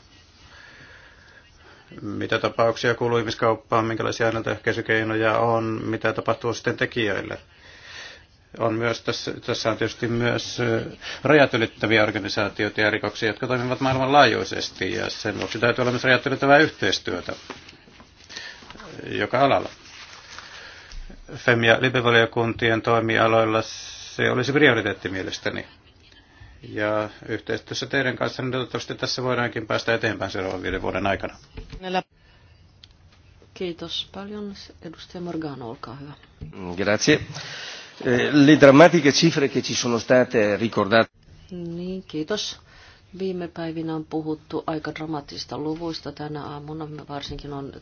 mitä tapauksia kuuluu ihmiskauppaan, minkälaisia ennaltaehkäisykeinoja on, mitä tapahtuu sitten tekijöille. On myös, tässä, tässä on tietysti myös rajat ylittäviä organisaatioita ja rikoksia, jotka toimivat maailmanlaajuisesti, ja sen vuoksi täytyy olla myös rajat ylittävää yhteistyötä joka alalla. FEM- ja libevaliokuntien toimialoilla se olisi prioriteetti mielestäni. Ja yhteistyössä teidän kanssa niin toivottavasti tässä voidaankin päästä eteenpäin seuraavan viiden vuoden aikana. Kiitos paljon. Edustaja Morgano, olkaa hyvä. Grazie. Eh, le drammatiche cifre che ci sono state ricordate. Niin, kiitos. Viime päivinä on puhuttu aika dramaattisista luvuista tänä aamuna. Varsinkin on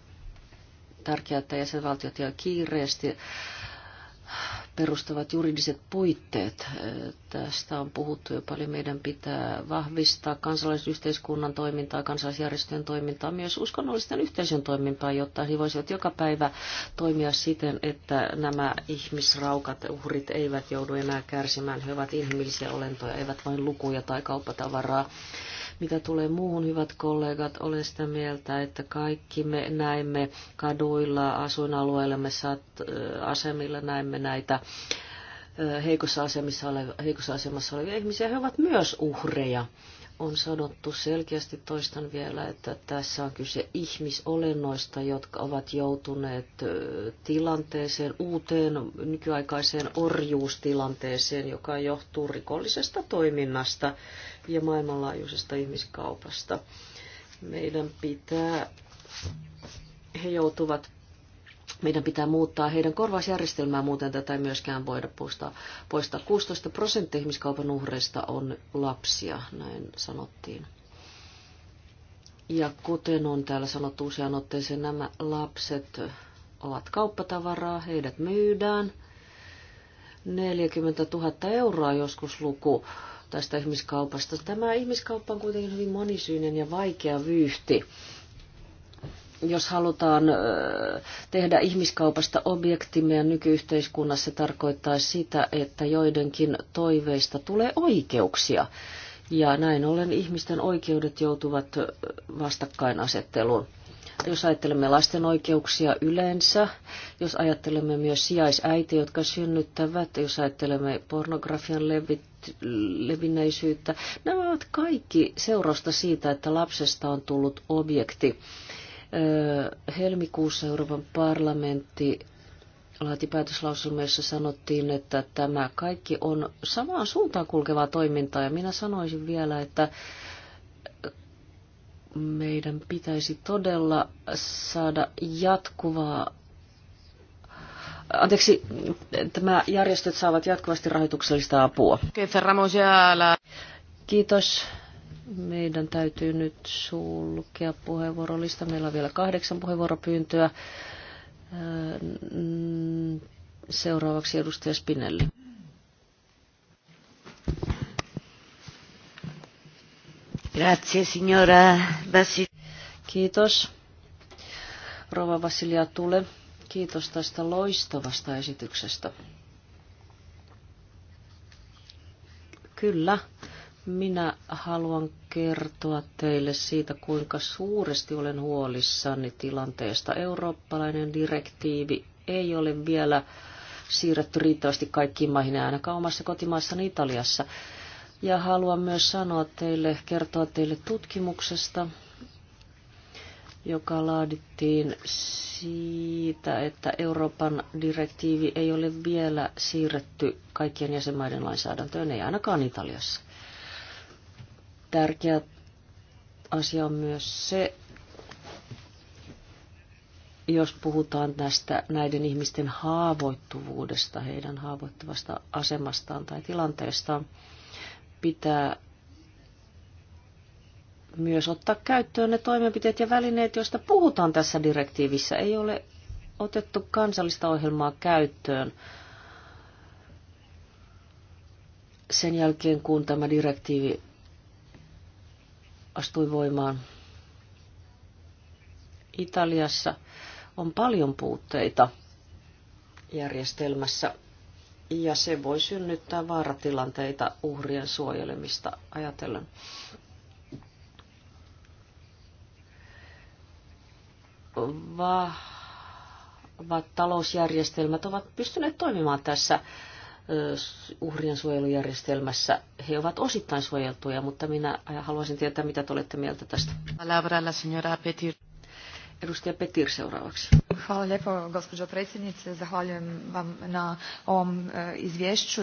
tärkeää, että jäsenvaltiot ja kiireesti perustavat juridiset puitteet. Äh, tästä on puhuttu jo paljon. Meidän pitää vahvistaa kansalaisyhteiskunnan toimintaa, kansalaisjärjestöjen toimintaa, myös uskonnollisten yhteisön toimintaa, jotta he voisivat joka päivä toimia siten, että nämä ihmisraukat, uhrit eivät joudu enää kärsimään. He ovat inhimillisiä olentoja, eivät vain lukuja tai kauppatavaraa. Mitä tulee muuhun, hyvät kollegat, olen sitä mieltä, että kaikki me näemme kaduilla, asuinalueillamme, äh, asemilla näemme näitä heikossa asemassa, olevia, heikossa asemassa olevia ihmisiä. He ovat myös uhreja. On sanottu selkeästi, toistan vielä, että tässä on kyse ihmisolennoista, jotka ovat joutuneet tilanteeseen, uuteen nykyaikaiseen orjuustilanteeseen, joka johtuu rikollisesta toiminnasta ja maailmanlaajuisesta ihmiskaupasta. Meidän pitää he joutuvat meidän pitää muuttaa heidän korvausjärjestelmää, muuten tätä ei myöskään voida poistaa. poistaa. 16 prosenttia ihmiskaupan uhreista on lapsia, näin sanottiin. Ja kuten on täällä sanottu useaan otteeseen, nämä lapset ovat kauppatavaraa, heidät myydään. 40 000 euroa joskus luku tästä ihmiskaupasta. Tämä ihmiskauppa on kuitenkin hyvin monisyinen ja vaikea vyyhti jos halutaan tehdä ihmiskaupasta objekti meidän nykyyhteiskunnassa, se tarkoittaa sitä, että joidenkin toiveista tulee oikeuksia. Ja näin ollen ihmisten oikeudet joutuvat vastakkainasetteluun. Jos ajattelemme lasten oikeuksia yleensä, jos ajattelemme myös sijaisäitiä, jotka synnyttävät, jos ajattelemme pornografian levit, levinneisyyttä, nämä ovat kaikki seurausta siitä, että lapsesta on tullut objekti Helmikuussa Euroopan parlamentti laati päätöslauselma, jossa sanottiin, että tämä kaikki on samaan suuntaan kulkevaa toimintaa. Ja minä sanoisin vielä, että meidän pitäisi todella saada jatkuvaa Anteeksi, tämä järjestöt saavat jatkuvasti rahoituksellista apua. Kiitos. Meidän täytyy nyt sulkea puheenvuorolista. Meillä on vielä kahdeksan puheenvuoropyyntöä. Äh, seuraavaksi edustaja Spinelli. Grazie, signora Bassi. Kiitos. Rova Vasilia Tule, kiitos tästä loistavasta esityksestä. Kyllä, minä haluan kertoa teille siitä, kuinka suuresti olen huolissani tilanteesta. Eurooppalainen direktiivi ei ole vielä siirretty riittävästi kaikkiin maihin, ainakaan omassa kotimaassani Italiassa. Ja haluan myös sanoa teille, kertoa teille tutkimuksesta, joka laadittiin siitä, että Euroopan direktiivi ei ole vielä siirretty kaikkien jäsenmaiden lainsäädäntöön, ei ainakaan Italiassa. Tärkeä asia on myös se, jos puhutaan tästä näiden ihmisten haavoittuvuudesta, heidän haavoittuvasta asemastaan tai tilanteestaan, pitää myös ottaa käyttöön ne toimenpiteet ja välineet, joista puhutaan tässä direktiivissä. Ei ole otettu kansallista ohjelmaa käyttöön sen jälkeen, kun tämä direktiivi astui voimaan. Italiassa on paljon puutteita järjestelmässä ja se voi synnyttää vaaratilanteita uhrien suojelemista ajatellen. Vahvat talousjärjestelmät ovat pystyneet toimimaan tässä uhrien suojelujärjestelmässä. He ovat osittain suojeltuja, mutta minä haluaisin tietää, mitä te olette mieltä tästä. Edustaja Petir seuraavaksi. Hvala lepo gospođo predsjednice. Zahvaljujem vam na ovom e, izvješću.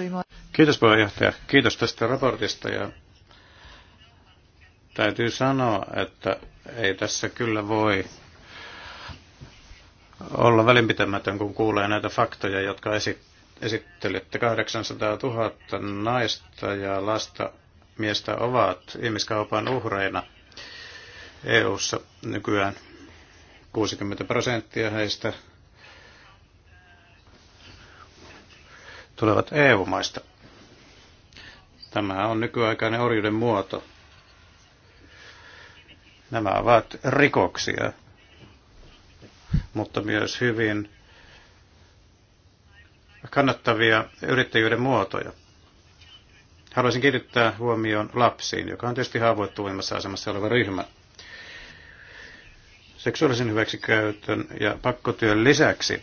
Kiitos puheenjohtaja. Kiitos tästä raportista. Ja täytyy sanoa, että ei tässä kyllä voi olla välinpitämätön, kun kuulee näitä faktoja, jotka esittää esittelitte 800 000 naista ja lasta miestä ovat ihmiskaupan uhreina EU-ssa nykyään. 60 prosenttia heistä tulevat EU-maista. Tämä on nykyaikainen orjuuden muoto. Nämä ovat rikoksia, mutta myös hyvin kannattavia yrittäjyyden muotoja. Haluaisin kiinnittää huomioon lapsiin, joka on tietysti haavoittuvimmassa asemassa oleva ryhmä. Seksuaalisen hyväksikäytön ja pakkotyön lisäksi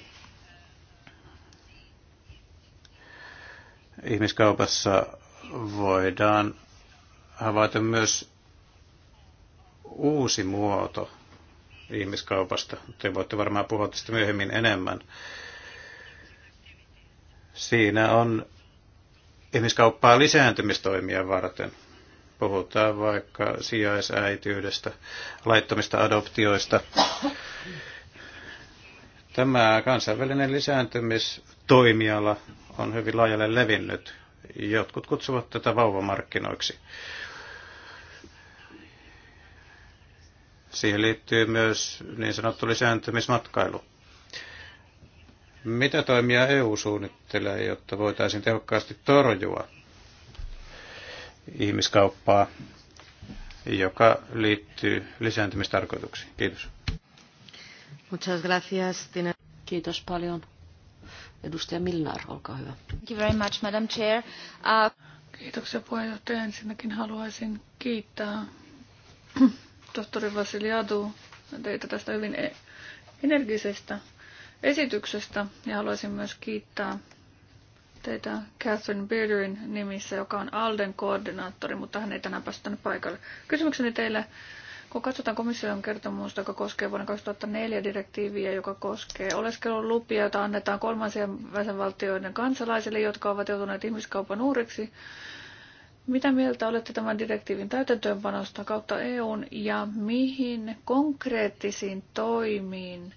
ihmiskaupassa voidaan havaita myös uusi muoto ihmiskaupasta. Te voitte varmaan puhua tästä myöhemmin enemmän. Siinä on ihmiskauppaa lisääntymistoimia varten. Puhutaan vaikka sijaisäityydestä, laittomista adoptioista. Tämä kansainvälinen lisääntymistoimiala on hyvin laajalle levinnyt. Jotkut kutsuvat tätä vauvamarkkinoiksi. Siihen liittyy myös niin sanottu lisääntymismatkailu. Mitä toimia EU suunnittelee, jotta voitaisiin tehokkaasti torjua ihmiskauppaa, joka liittyy lisääntymistarkoituksiin? Kiitos. Muchas gracias, Tina. Kiitos paljon. Edustaja Milnar, olkaa hyvä. Thank you very much, Madam Chair. Uh... Kiitoksia puheenjohtaja. Ensinnäkin haluaisin kiittää tohtori Vasiliadu teitä tästä hyvin e- energisestä esityksestä ja haluaisin myös kiittää teitä Catherine Bearderin nimissä, joka on Alden koordinaattori, mutta hän ei tänään päästä tänne paikalle. Kysymykseni teille, kun katsotaan komission kertomusta, joka koskee vuoden 2004 direktiiviä, joka koskee oleskelulupia, joita annetaan kolmansien jäsenvaltioiden kansalaisille, jotka ovat joutuneet ihmiskaupan uuriksi, mitä mieltä olette tämän direktiivin täytäntöönpanosta kautta EUn ja mihin konkreettisiin toimiin –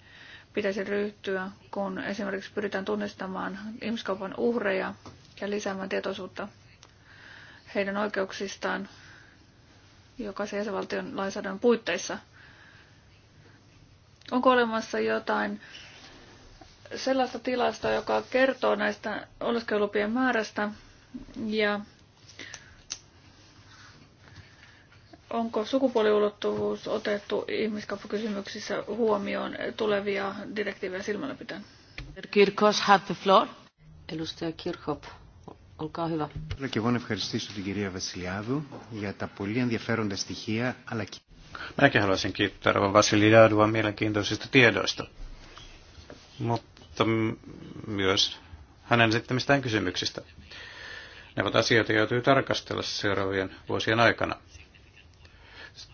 pitäisi ryhtyä, kun esimerkiksi pyritään tunnistamaan ihmiskaupan uhreja ja lisäämään tietoisuutta heidän oikeuksistaan jokaisen jäsenvaltion lainsäädännön puitteissa. Onko olemassa jotain sellaista tilasta, joka kertoo näistä oleskelulupien määrästä ja onko sukupuoliulottuvuus otettu ihmiskauppakysymyksissä huomioon tulevia direktiivejä silmällä pitäen? Kirkos have the floor. Edustaja Kirchhoff, olkaa hyvä. Θέλω και ευχαριστήσω την κυρία Βασιλιάδου για τα πολύ ενδιαφέροντα στοιχεία, αλλά και... Minäkin haluaisin kiittää Rova Vasiliadua mielenkiintoisista tiedoista, mutta myös hänen esittämistään kysymyksistä. Ne ovat asioita, joita täytyy tarkastella seuraavien vuosien aikana.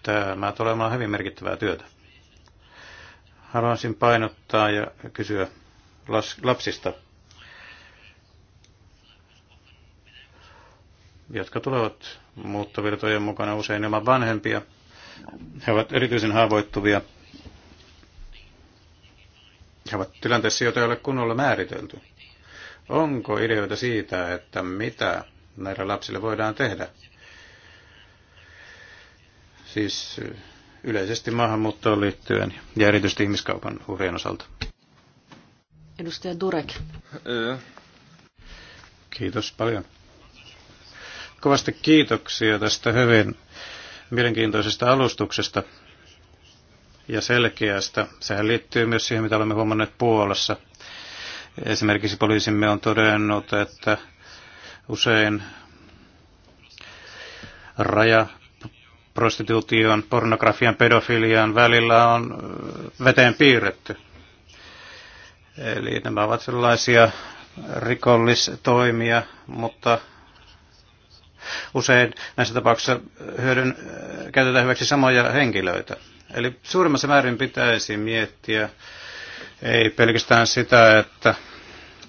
Tämä tulee olemaan hyvin merkittävää työtä. Haluaisin painottaa ja kysyä lapsista, jotka tulevat muuttovirtojen mukana usein ilman vanhempia. He ovat erityisen haavoittuvia. He ovat tilanteessa, jota ei ole kunnolla määritelty. Onko ideoita siitä, että mitä näillä lapsille voidaan tehdä? Siis yleisesti maahanmuuttoon liittyen ja erityisesti ihmiskaupan uhrien osalta. Edustaja Durek. Kiitos paljon. Kovasti kiitoksia tästä hyvin mielenkiintoisesta alustuksesta ja selkeästä. Sehän liittyy myös siihen, mitä olemme huomanneet Puolassa. Esimerkiksi poliisimme on todennut, että usein raja prostituution, pornografian, pedofilian välillä on veteen piirretty. Eli nämä ovat sellaisia rikollistoimia, mutta usein näissä tapauksissa hyödyn, käytetään hyväksi samoja henkilöitä. Eli suurimmassa määrin pitäisi miettiä ei pelkästään sitä, että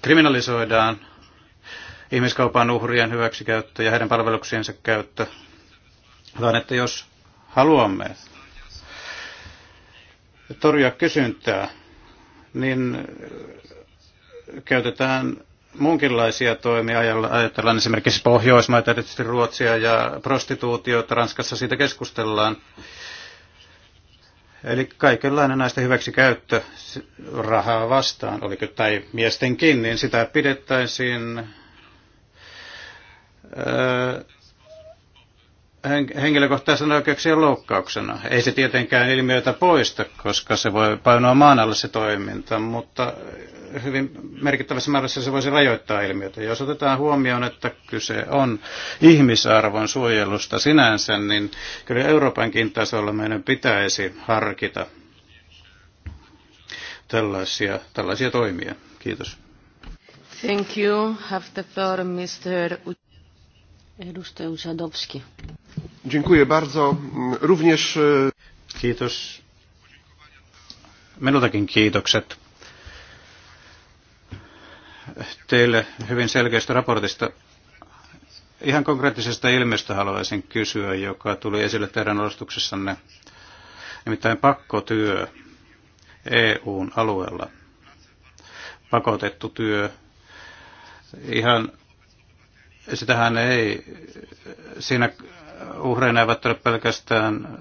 kriminalisoidaan ihmiskaupan uhrien hyväksikäyttö ja heidän palveluksiensa käyttö, vaan että jos haluamme torjua kysyntää, niin äh, käytetään muunkinlaisia toimia. Ajatellaan esimerkiksi Pohjoismaita, erityisesti Ruotsia ja prostituutiota. Ranskassa siitä keskustellaan. Eli kaikenlainen näistä hyväksikäyttö rahaa vastaan, oliko tai miestenkin, niin sitä pidettäisiin öö, henkilökohtaisen oikeuksien loukkauksena. Ei se tietenkään ilmiötä poista, koska se voi painoa maan alle se toiminta, mutta hyvin merkittävässä määrässä se voisi rajoittaa ilmiötä. Jos otetaan huomioon, että kyse on ihmisarvon suojelusta sinänsä, niin kyllä Euroopankin tasolla meidän pitäisi harkita tällaisia, tällaisia toimia. Kiitos. Thank you. Have the floor, Mr. Edustaja Usadowski. Dziękuję bardzo. Również... E, Kiitos. Minultakin kiitokset teille hyvin selkeästä raportista. Ihan konkreettisesta ilmiöstä haluaisin kysyä, joka tuli esille teidän alustuksessanne, nimittäin pakkotyö EUn alueella. Pakotettu työ ihan sitähän ei, siinä uhreina eivät ole pelkästään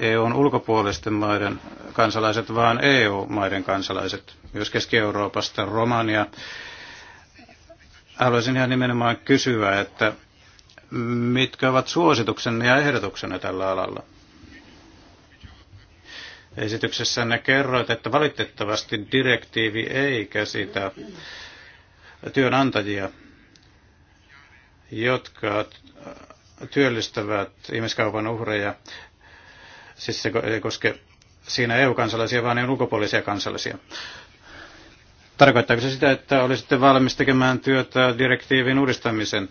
EUn ulkopuolisten maiden kansalaiset, vaan EU-maiden kansalaiset, myös Keski-Euroopasta, Romania. Haluaisin ihan nimenomaan kysyä, että mitkä ovat suosituksenne ja ehdotuksenne tällä alalla? Esityksessänne kerroit, että valitettavasti direktiivi ei käsitä työnantajia jotka työllistävät ihmiskaupan uhreja. Siis se ei koske siinä EU-kansalaisia, vaan EUn ulkopuolisia kansalaisia. Tarkoittaako se sitä, että olisitte valmis tekemään työtä direktiivin uudistamisen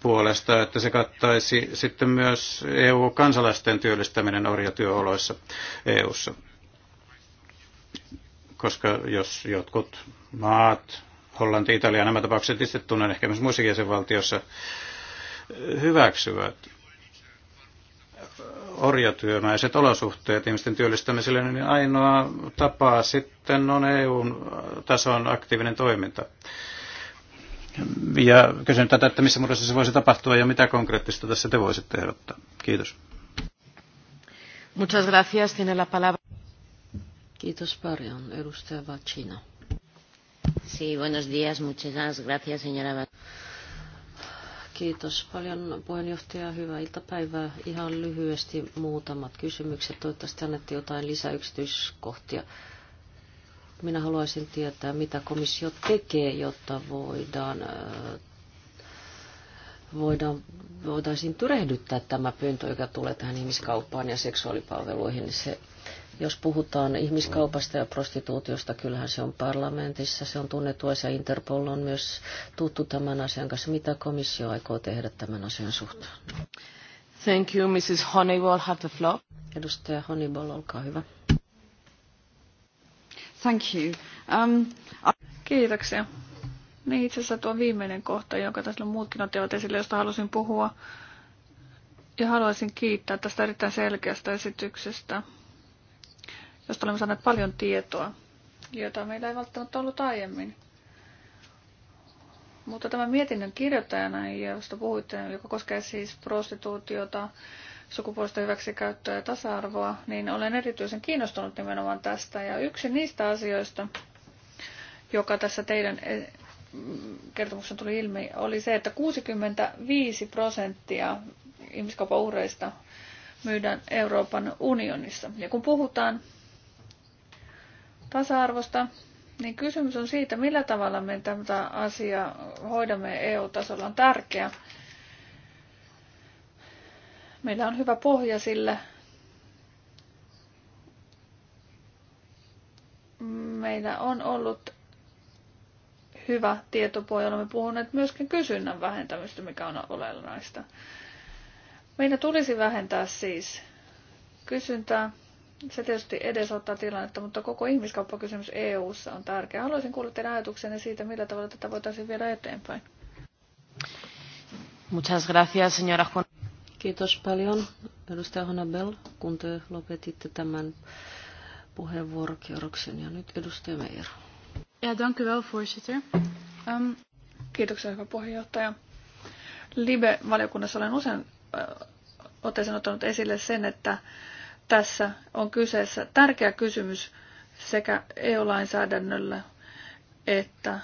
puolesta, että se kattaisi sitten myös EU-kansalaisten työllistäminen orjatyöoloissa EU-ssa? Koska jos jotkut maat Hollanti, Italia, nämä tapaukset itse tunnen ehkä myös muissakin jäsenvaltioissa, eh, hyväksyvät orjatyömäiset olosuhteet ihmisten työllistämiselle, niin ainoa tapa sitten on EU-tason aktiivinen toiminta. Ja kysyn tätä, että missä muodossa se voisi tapahtua ja mitä konkreettista tässä te voisitte ehdottaa. Kiitos. Muchas gracias. Tiene la palabra. Kiitos paljon. Edustaja Vacina. Sí, buenos días, muchas gracias, señora. Kiitos paljon puheenjohtaja. Hyvää iltapäivää. Ihan lyhyesti muutamat kysymykset. Toivottavasti annettiin jotain lisäyksityiskohtia. Minä haluaisin tietää, mitä komissio tekee, jotta voidaan, äh, voidaan, voitaisiin tyrehdyttää tämä pyyntö, joka tulee tähän ihmiskauppaan ja seksuaalipalveluihin. Se jos puhutaan ihmiskaupasta ja prostituutiosta, kyllähän se on parlamentissa, se on tunnettu ja Interpol on myös tuttu tämän asian kanssa. Mitä komissio aikoo tehdä tämän asian suhteen? Thank you, Mrs. Honeywell. Have the floor. Edustaja Honeywell, olkaa hyvä. Thank you. Um, I... Kiitoksia. Niin itse asiassa tuo viimeinen kohta, jonka tässä muutkin ottivat esille, josta halusin puhua. Ja haluaisin kiittää tästä erittäin selkeästä esityksestä josta olemme saaneet paljon tietoa, jota meillä ei välttämättä ollut aiemmin. Mutta tämän mietinnön kirjoittajana, josta puhuitte, joka koskee siis prostituutiota, sukupuolista hyväksikäyttöä ja tasa-arvoa, niin olen erityisen kiinnostunut nimenomaan tästä. Ja yksi niistä asioista, joka tässä teidän e, kertomuksessa tuli ilmi, oli se, että 65 prosenttia ihmiskaupan uhreista myydään Euroopan unionissa. Ja kun puhutaan tasa-arvosta, niin kysymys on siitä, millä tavalla me tätä asiaa hoidamme EU-tasolla on tärkeä. Meillä on hyvä pohja sille. Meillä on ollut hyvä tietopohja, me puhuneet myöskin kysynnän vähentämistä, mikä on olennaista. Meidän tulisi vähentää siis kysyntää se tietysti edesauttaa tilannetta, mutta koko ihmiskauppakysymys EU:ssa on tärkeä. Haluaisin kuulla teidän ajatuksenne siitä, millä tavalla tätä voitaisiin viedä eteenpäin. Muchas gracias, señora Juan. Kiitos paljon, edustaja Honabel, kun te lopetitte tämän puheenvuorokierroksen. Ja nyt edustaja Meijer. Ja, dank u wel, voorzitter. Um, Kiitoksia, hyvä puheenjohtaja. Libe-valiokunnassa olen usein äh, otteeseen ottanut esille sen, että äh, tässä on kyseessä tärkeä kysymys sekä EU-lainsäädännölle että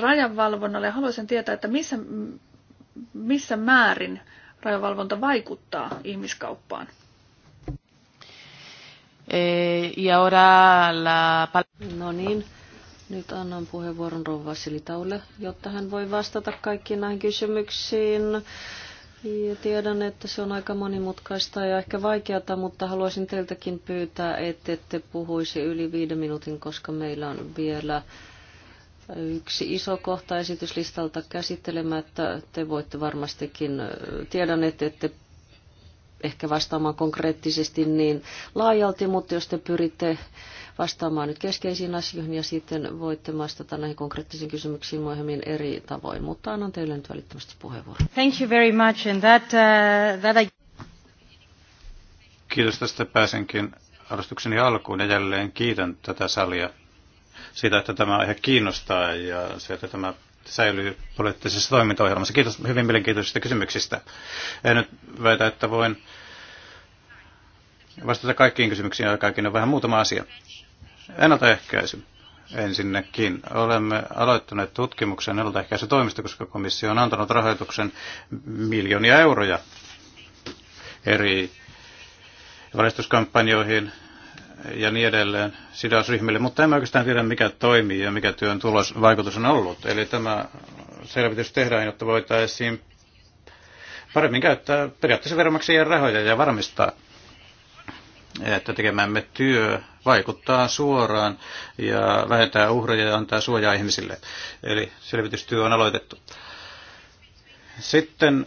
rajanvalvonnalle. Haluaisin tietää, että missä, missä määrin rajavalvonta vaikuttaa ihmiskauppaan. Eh, y ahora la... No niin, nyt annan puheenvuoron rouva Silitaulle, jotta hän voi vastata kaikkiin näihin kysymyksiin ja tiedän, että se on aika monimutkaista ja ehkä vaikeata, mutta haluaisin teiltäkin pyytää, että ette puhuisi yli viiden minuutin, koska meillä on vielä yksi iso kohta esityslistalta käsittelemättä. Te voitte varmastikin, tiedän, että ette ehkä vastaamaan konkreettisesti niin laajalti, mutta jos te pyritte vastaamaan nyt keskeisiin asioihin ja sitten voitte vastata näihin konkreettisiin kysymyksiin myöhemmin eri tavoin, mutta annan teille nyt välittömästi puheenvuoron. Thank you very much and that, uh, that I... Kiitos tästä pääsenkin arvostukseni alkuun ja jälleen kiitän tätä salia siitä, että tämä aihe kiinnostaa ja se, että tämä säilyy poliittisessa toimintaohjelmassa. Kiitos hyvin mielenkiintoisista kysymyksistä. En nyt väitä, että voin vastata kaikkiin kysymyksiin, kaikkiin on vähän muutama asia. Ennaltaehkäisy ensinnäkin. Olemme aloittaneet tutkimuksen ennaltaehkäisytoimista, koska komissio on antanut rahoituksen miljoonia euroja eri valistuskampanjoihin ja niin edelleen sidosryhmille, mutta en oikeastaan tiedä, mikä toimii ja mikä työn tulos, vaikutus on ollut. Eli tämä selvitys tehdään, jotta voitaisiin paremmin käyttää periaatteessa veronmaksajien rahoja ja varmistaa, että tekemämme työ vaikuttaa suoraan ja vähentää uhreja ja antaa suojaa ihmisille. Eli selvitystyö on aloitettu. Sitten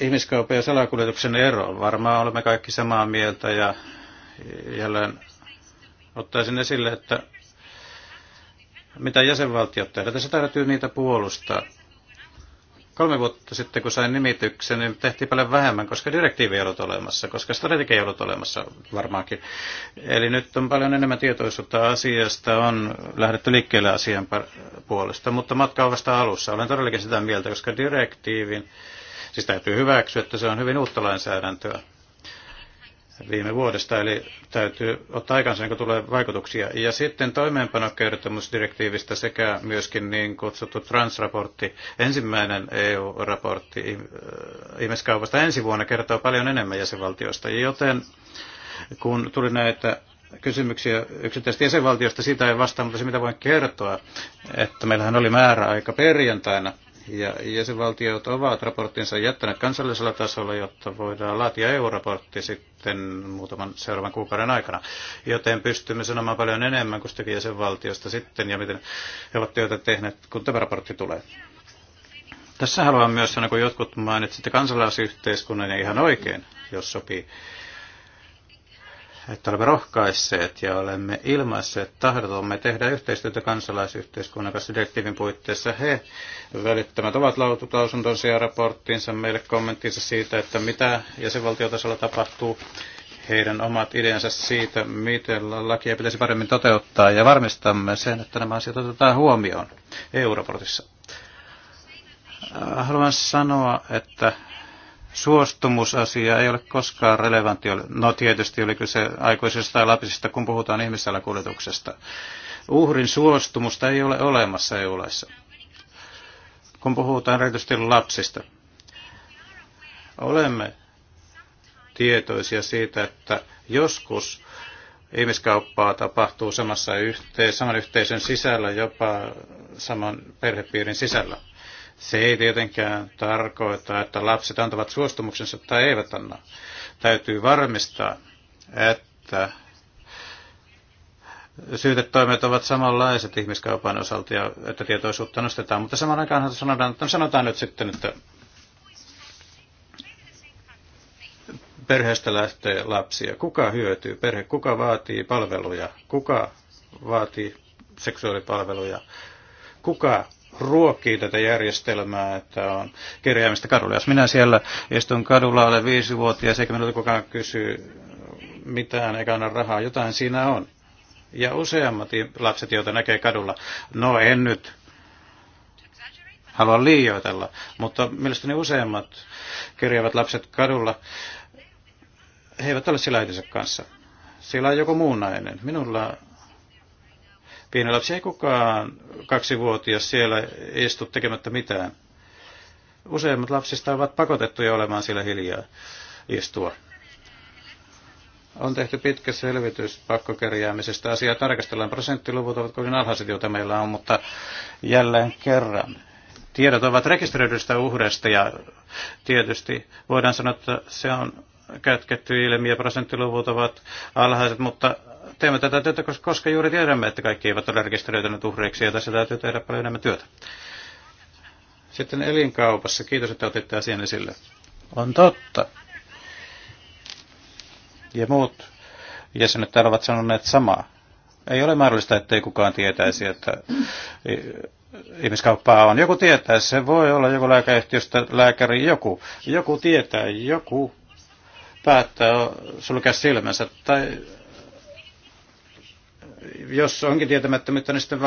ihmiskaupan ja salakuljetuksen ero. Varmaan olemme kaikki samaa mieltä ja jälleen ottaisin esille, että mitä jäsenvaltiot tehdä. Tässä täytyy niitä puolustaa. Kolme vuotta sitten, kun sain nimityksen, niin tehtiin paljon vähemmän, koska direktiivi ei ollut olemassa, koska strategia ei ollut olemassa varmaankin. Eli nyt on paljon enemmän tietoisuutta asiasta, on lähdetty liikkeelle asian puolesta, mutta matka on vasta alussa. Olen todellakin sitä mieltä, koska direktiivin Siis täytyy hyväksyä, että se on hyvin uutta lainsäädäntöä viime vuodesta, eli täytyy ottaa aikansa, kun tulee vaikutuksia. Ja sitten toimeenpanokertomusdirektiivistä sekä myöskin niin kutsuttu transraportti, ensimmäinen EU-raportti äh, ihmiskaupasta ensi vuonna kertoo paljon enemmän jäsenvaltioista, joten kun tuli näitä kysymyksiä yksittäisistä jäsenvaltiosta, siitä ei vastaa, mutta se mitä voin kertoa, että meillähän oli määräaika perjantaina – ja jäsenvaltiot ovat raporttinsa jättäneet kansallisella tasolla, jotta voidaan laatia EU-raportti sitten muutaman seuraavan kuukauden aikana. Joten pystymme sanomaan paljon enemmän sitäkin jäsenvaltiosta sitten ja miten he ovat työtä tehneet, kun tämä raportti tulee. Tässä haluan myös sanoa, kun jotkut mainitsitte kansalaisyhteiskunnan ja ihan oikein, jos sopii että olemme rohkaisseet ja olemme ilmaisseet tahdotomme tehdä yhteistyötä kansalaisyhteiskunnan kanssa direktiivin puitteissa. He välittämät ovat lautuntonsa ja raporttinsa meille kommenttinsa siitä, että mitä jäsenvaltiotasolla tapahtuu, heidän omat ideansa siitä, miten lakia pitäisi paremmin toteuttaa ja varmistamme sen, että nämä asiat otetaan huomioon EU-raportissa. Äh, haluan sanoa, että suostumusasia ei ole koskaan relevantti. No tietysti oli kyse aikuisista tai lapsista, kun puhutaan ihmissalakuljetuksesta. Uhrin suostumusta ei ole olemassa EU-laissa, kun puhutaan erityisesti lapsista. Olemme tietoisia siitä, että joskus ihmiskauppaa tapahtuu samassa yhteis- saman yhteisön sisällä, jopa saman perhepiirin sisällä. Se ei tietenkään tarkoita, että lapset antavat suostumuksensa tai eivät anna. Täytyy varmistaa, että syytetoimet ovat samanlaiset ihmiskaupan osalta ja että tietoisuutta nostetaan. Mutta saman aikaan sanotaan, että sanotaan nyt sitten, että perheestä lähtee lapsia. Kuka hyötyy perhe? Kuka vaatii palveluja? Kuka vaatii seksuaalipalveluja? Kuka ruokkii tätä järjestelmää, että on kirjaimista kadulla. Jos minä siellä istun kadulla alle viisi vuotta ja sekä minulta kukaan kysyy mitään eikä anna rahaa, jotain siinä on. Ja useammat lapset, joita näkee kadulla, no en nyt halua liioitella, mutta mielestäni useimmat kirjaavat lapset kadulla, he eivät ole sillä kanssa. Sillä on joku muu nainen. Minulla Pieni lapsi ei kukaan kaksivuotias siellä istu tekemättä mitään. Useimmat lapsista ovat pakotettuja olemaan siellä hiljaa istua. On tehty pitkä selvitys pakkokerjäämisestä. Asiaa tarkastellaan. Prosenttiluvut ovat kovin alhaiset, joita meillä on, mutta jälleen kerran tiedot ovat rekisteröidystä uhreista ja tietysti voidaan sanoa, että se on kätketty ilmiö, prosenttiluvut ovat alhaiset, mutta teemme tätä työtä, koska juuri tiedämme, että kaikki eivät ole rekisteröityneet uhreiksi ja tässä täytyy tehdä paljon enemmän työtä. Sitten elinkaupassa. Kiitos, että otitte asian esille. On totta. Ja muut jäsenet täällä ovat sanoneet samaa. Ei ole mahdollista, ettei kukaan tietäisi, että ihmiskauppaa on. Joku tietää, se voi olla joku lääkäyhtiöstä lääkäri, joku. Joku tietää, joku päättää sulkea silmänsä tai jos onkin tietämättömyyttä, niin sitten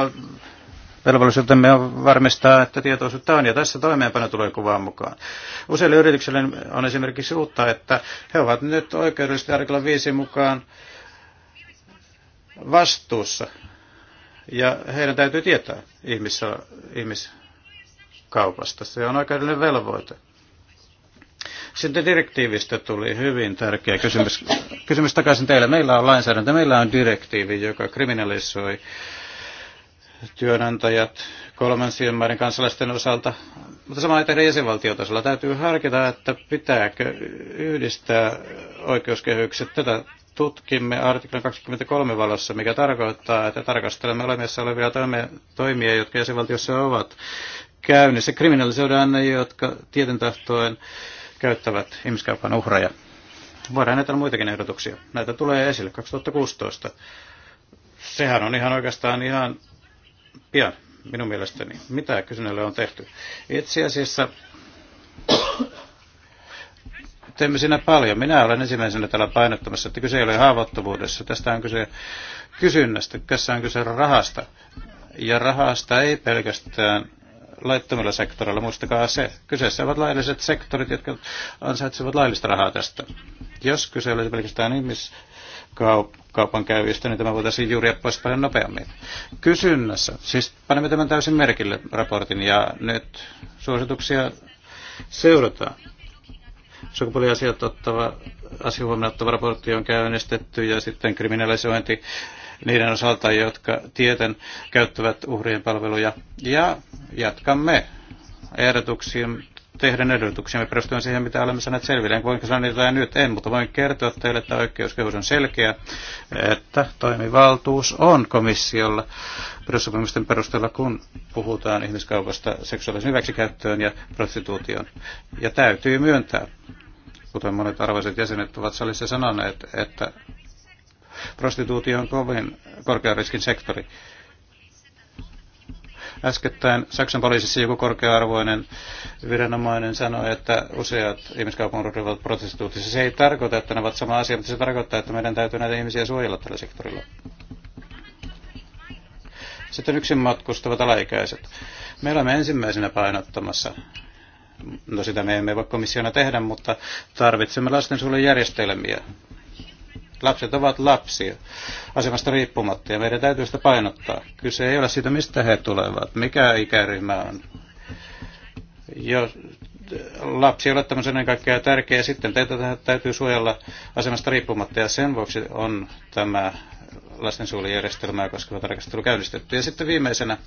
velvollisuutemme on varmistaa, että tietoisuutta on, ja tässä toimeenpano tulee kuvaan mukaan. Useille yrityksille on esimerkiksi uutta, että he ovat nyt oikeudellisesti artikla 5 mukaan vastuussa, ja heidän täytyy tietää ihmis- ihmiskaupasta. Se on oikeudellinen velvoite. Sitten direktiivistä tuli hyvin tärkeä kysymys. Kysymys takaisin teille. Meillä on lainsäädäntö, meillä on direktiivi, joka kriminalisoi työnantajat kolmansien maiden kansalaisten osalta, mutta samaa ei tehdä jäsenvaltiotasolla. Täytyy harkita, että pitääkö yhdistää oikeuskehykset. Tätä tutkimme artiklan 23 valossa, mikä tarkoittaa, että tarkastelemme olemassa olevia toimia, jotka jäsenvaltiossa ovat käynnissä. Kriminalisoidaan ne, jotka tieten tahtoen äh, käyttävät ihmiskaupan uhreja. Voidaan näitä muitakin ehdotuksia. Näitä tulee esille 2016. Sehän on ihan oikeastaan ihan pian minun mielestäni. Mitä kysynnälle on tehty? Itse asiassa teemme siinä paljon. Minä olen ensimmäisenä täällä painottamassa, että kyse ei ole haavoittuvuudessa. Tästä on kyse kysynnästä, tässä on kyse rahasta. Ja rahasta ei pelkästään laittomilla sektoreilla. Muistakaa se, kyseessä ovat lailliset sektorit, jotka ansaitsevat laillista rahaa tästä. Jos kyse olisi pelkästään ihmiskaupan käyvistä, niin tämä voitaisiin juuri pois paljon nopeammin. Kysynnässä, siis panemme tämän täysin merkille raportin ja nyt suosituksia seurataan sukupuoliasiat ottava, asia huomioon ottava raportti on käynnistetty ja sitten kriminalisointi niiden osalta, jotka tieten käyttävät uhrien palveluja. Ja jatkamme ehdotuksiin tehdään edellytyksiä. Me perustuen siihen, mitä olemme saaneet selville. En voinko sanoa niitä nyt, en, mutta voin kertoa teille, että oikeuskehys on selkeä, että toimivaltuus on komissiolla perussopimusten perusteella, kun puhutaan ihmiskaupasta seksuaalisen hyväksikäyttöön ja prostituutioon. Ja täytyy myöntää, kuten monet arvoiset jäsenet ovat salissa sanoneet, että Prostituutio on kovin korkean riskin sektori. Äskettäin Saksan poliisissa joku korkea-arvoinen viranomainen sanoi, että useat ihmiskaupan ovat prostituutissa. Se ei tarkoita, että ne ovat sama asia, mutta se tarkoittaa, että meidän täytyy näitä ihmisiä suojella tällä sektorilla. Sitten yksin matkustavat alaikäiset. Me olemme ensimmäisenä painottamassa no sitä me emme voi komissiona tehdä, mutta tarvitsemme lastensuojelun järjestelmiä, Lapset ovat lapsia asemasta riippumatta ja meidän täytyy sitä painottaa. Kyse ei ole siitä, mistä he tulevat, mikä ikäryhmä on. Jos lapsi ei ole tämmöisen ennen kaikkea tärkeä, sitten teitä täytyy suojella asemasta riippumatta ja sen vuoksi on tämä koska koskeva tarkastelu käynnistetty. Ja sitten viimeisenä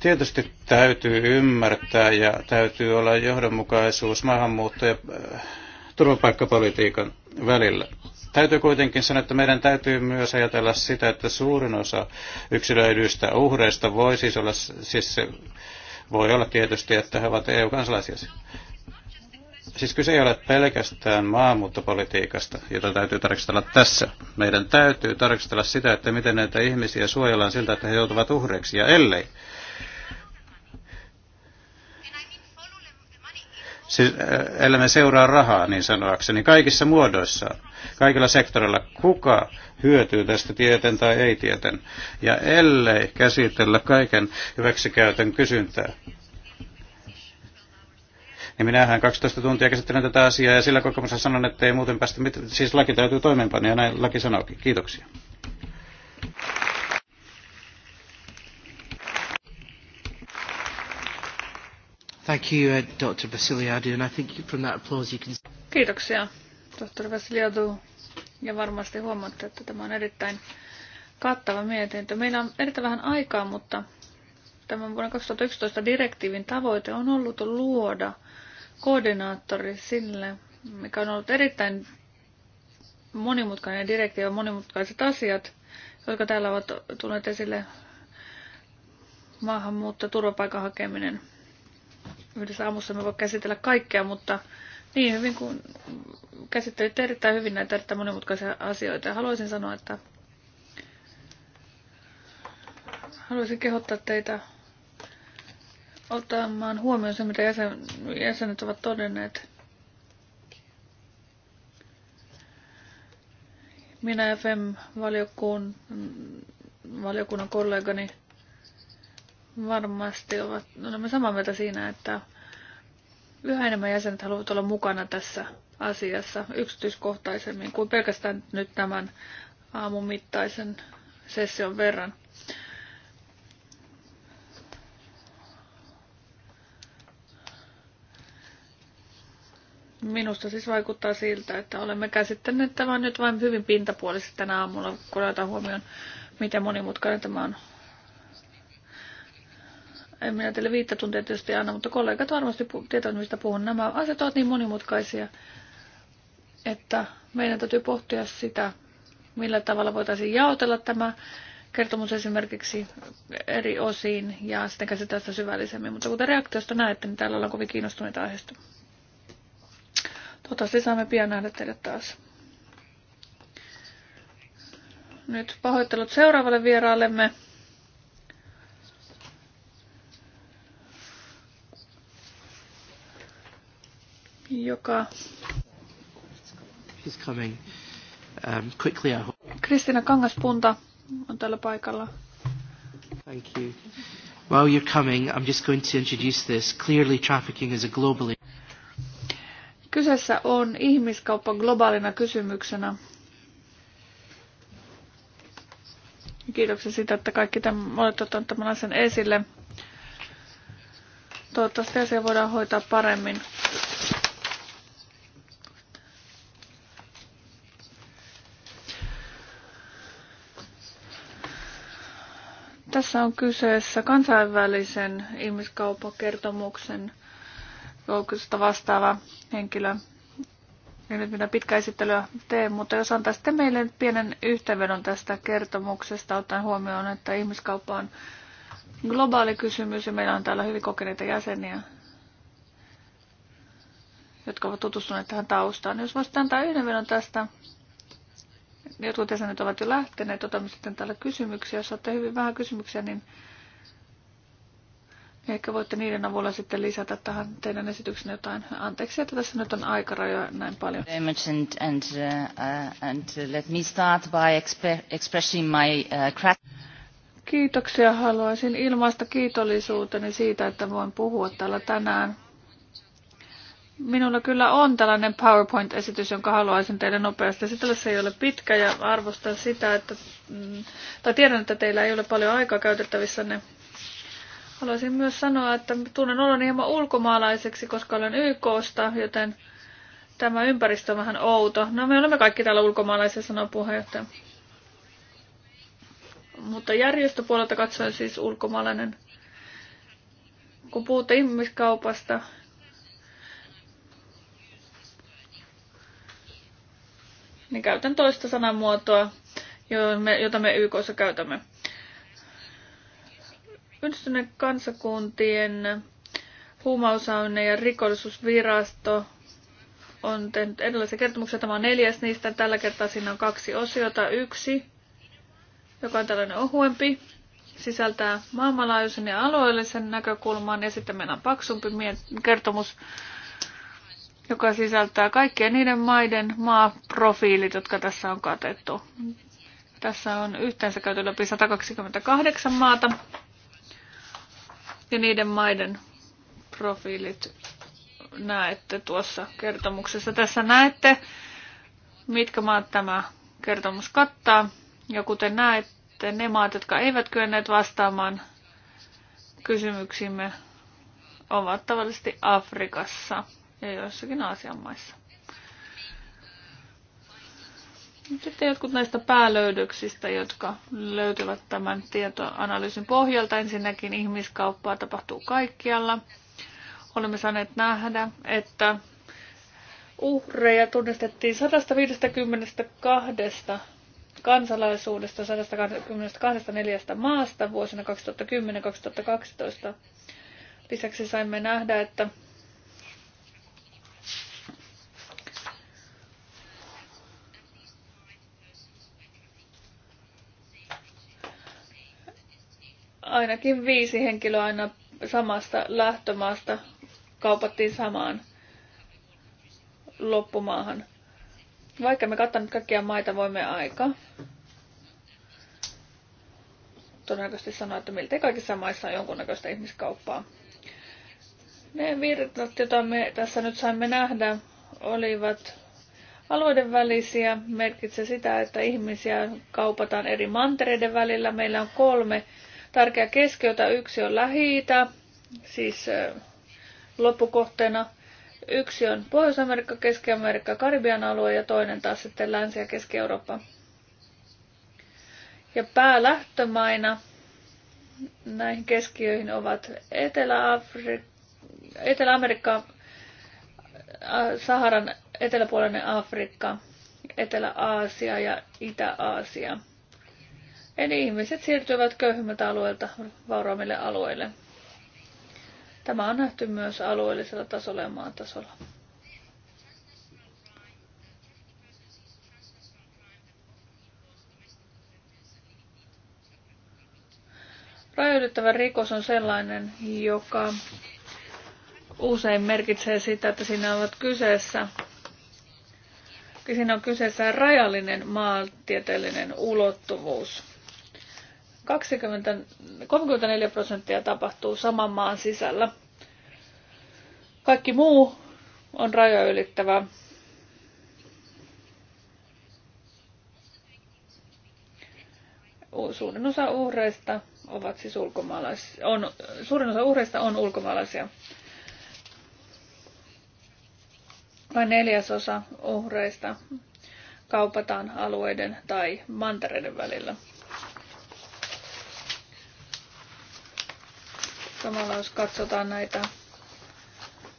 tietysti täytyy ymmärtää ja täytyy olla johdonmukaisuus maahanmuutto- ja äh, turvapaikkapolitiikan välillä. Täytyy kuitenkin sanoa, että meidän täytyy myös ajatella sitä, että suurin osa yksilöidyistä uhreista voi siis olla, siis se voi olla tietysti, että he ovat EU-kansalaisia. Siis kyse ei ole pelkästään maahanmuuttopolitiikasta, jota täytyy tarkastella tässä. Meidän täytyy tarkastella sitä, että miten näitä ihmisiä suojellaan siltä, että he joutuvat uhreiksi. Ja ellei siis elämme seuraa rahaa niin sanoakseni, kaikissa muodoissaan, kaikilla sektoreilla, kuka hyötyy tästä tieten tai ei tieten, ja ellei käsitellä kaiken hyväksikäytön kysyntää. Niin minähän 12 tuntia käsittelen tätä asiaa ja sillä kokemuksessa sanon, että ei muuten päästä mitään. Siis laki täytyy toimeenpanna ja näin laki sanookin. Kiitoksia. Thank you, uh, Dr. Vasiliadou, and I think from that applause you can... Kiitoksia, tohtori Vasiliadou. Ja varmasti huomaatte, että tämä on erittäin kattava mietintö. Meillä on erittäin vähän aikaa, mutta tämän vuoden 2011 direktiivin tavoite on ollut luoda koordinaattori sille, mikä on ollut erittäin monimutkainen direktiivi ja monimutkaiset asiat, jotka täällä ovat tulleet esille maahanmuutto, turvapaikan hakeminen – yhdessä aamussa me voi käsitellä kaikkea, mutta niin hyvin kuin käsittelit erittäin hyvin näitä erittäin monimutkaisia asioita. Ja haluaisin sanoa, että haluaisin kehottaa teitä ottamaan huomioon se, mitä jäsen, jäsenet ovat todenneet. Minä FM-valiokunnan kollegani varmasti ovat, olemme samaa mieltä siinä, että yhä enemmän jäsenet haluavat olla mukana tässä asiassa yksityiskohtaisemmin kuin pelkästään nyt tämän aamun mittaisen session verran. Minusta siis vaikuttaa siltä, että olemme käsittäneet tämän nyt vain hyvin pintapuolisesti tänä aamulla, kun otetaan huomioon, miten monimutkainen tämä on en minä teille viittä tuntia tietysti anna, mutta kollegat varmasti tietävät, mistä puhun. Nämä asiat ovat niin monimutkaisia, että meidän täytyy pohtia sitä, millä tavalla voitaisiin jaotella tämä kertomus esimerkiksi eri osiin ja sitten käsitellä sitä syvällisemmin. Mutta kuten reaktiosta näette, niin täällä ollaan kovin kiinnostuneita aiheesta. Toivottavasti saamme pian nähdä teidät taas. Nyt pahoittelut seuraavalle vieraallemme. joka... She's coming. Um, quickly, I hope. Kristina Kangaspunta on tällä paikalla. Thank you. While you're coming, I'm just going to introduce this. Clearly trafficking is a global Kyseessä on ihmiskauppa globaalina kysymyksenä. Kiitoksia siitä, että kaikki tämän, olette ottaneet tämän asian esille. Toivottavasti asia voidaan hoitaa paremmin. Tässä on kyseessä kansainvälisen ihmiskaupakertomuksen joukosta vastaava henkilö. En nyt mitään pitkä esittelyä tee, mutta jos sitten meille pienen yhteenvedon tästä kertomuksesta, ottaen huomioon, että ihmiskauppa on globaali kysymys ja meillä on täällä hyvin kokeneita jäseniä, jotka ovat tutustuneet tähän taustaan. Jos voisit antaa yhdenvedon tästä jotkut nyt ovat jo lähteneet, otamme sitten täällä kysymyksiä. Jos saatte hyvin vähän kysymyksiä, niin ehkä voitte niiden avulla sitten lisätä tähän teidän esityksenne jotain. Anteeksi, että tässä nyt on aikarajoja näin paljon. And, and, uh, uh, and let me start by expressing my uh, Kiitoksia. Haluaisin ilmaista kiitollisuuteni siitä, että voin puhua täällä tänään Minulla kyllä on tällainen PowerPoint-esitys, jonka haluaisin teille nopeasti esitellä. Se ei ole pitkä ja arvostan sitä, että, mm, tai tiedän, että teillä ei ole paljon aikaa käytettävissänne. Haluaisin myös sanoa, että tunnen olon hieman ulkomaalaiseksi, koska olen YKsta, joten tämä ympäristö on vähän outo. No me olemme kaikki täällä ulkomaalaisia, sanoo puheenjohtaja. Mutta järjestöpuolelta katsoen siis ulkomaalainen. Kun puhutte ihmiskaupasta, niin käytän toista sanamuotoa, jota me YKssa käytämme. Yhdistyneen kansakuntien huumausaine- ja rikollisuusvirasto on tehnyt erilaisia kertomuksia. Tämä on neljäs niistä. Tällä kertaa siinä on kaksi osiota. Yksi, joka on tällainen ohuempi, sisältää maailmanlaajuisen ja alueellisen näkökulman. Ja sitten meillä on paksumpi kertomus, joka sisältää kaikkien niiden maiden maaprofiilit, jotka tässä on katettu. Tässä on yhteensä käyty läpi 128 maata ja niiden maiden profiilit näette tuossa kertomuksessa. Tässä näette, mitkä maat tämä kertomus kattaa. Ja kuten näette, ne maat, jotka eivät kyenneet vastaamaan kysymyksimme, ovat tavallisesti Afrikassa – ja joissakin Aasian maissa. Sitten jotkut näistä päälöydöksistä, jotka löytyvät tämän tietoanalyysin pohjalta. Ensinnäkin ihmiskauppaa tapahtuu kaikkialla. Olemme saaneet nähdä, että uhreja tunnistettiin 152 kansalaisuudesta 124 maasta vuosina 2010-2012. Lisäksi saimme nähdä, että ainakin viisi henkilöä aina samasta lähtömaasta kaupattiin samaan loppumaahan. Vaikka me kattanut kaikkia maita, voimme aika todennäköisesti sanoa, että miltei kaikissa maissa on jonkunnäköistä ihmiskauppaa. Ne virrat, joita me tässä nyt saimme nähdä, olivat alueiden välisiä. Merkitsee sitä, että ihmisiä kaupataan eri mantereiden välillä. Meillä on kolme tärkeä keskiötä. Yksi on lähi siis loppukohteena. Yksi on Pohjois-Amerikka, Keski-Amerikka, Karibian alue ja toinen taas sitten Länsi- ja Keski-Eurooppa. Ja päälähtömaina näihin keskiöihin ovat Etelä-Amerikka, Etelä Saharan eteläpuolinen Afrikka, Etelä-Aasia ja Itä-Aasia. Eli ihmiset siirtyvät köyhimmiltä alueilta vauraamille alueille. Tämä on nähty myös alueellisella tasolla ja tasolla. Rajoitettava rikos on sellainen, joka usein merkitsee sitä, että siinä ovat kyseessä siinä on kyseessä rajallinen maantieteellinen ulottuvuus. 20, 34 prosenttia tapahtuu saman maan sisällä. Kaikki muu on raja ylittävää. Suurin osa uhreista ovat siis ulkomaalaisia. On, suurin osa uhreista on ulkomaalaisia. Vain neljäsosa uhreista kaupataan alueiden tai mantereiden välillä. Samalla jos katsotaan näitä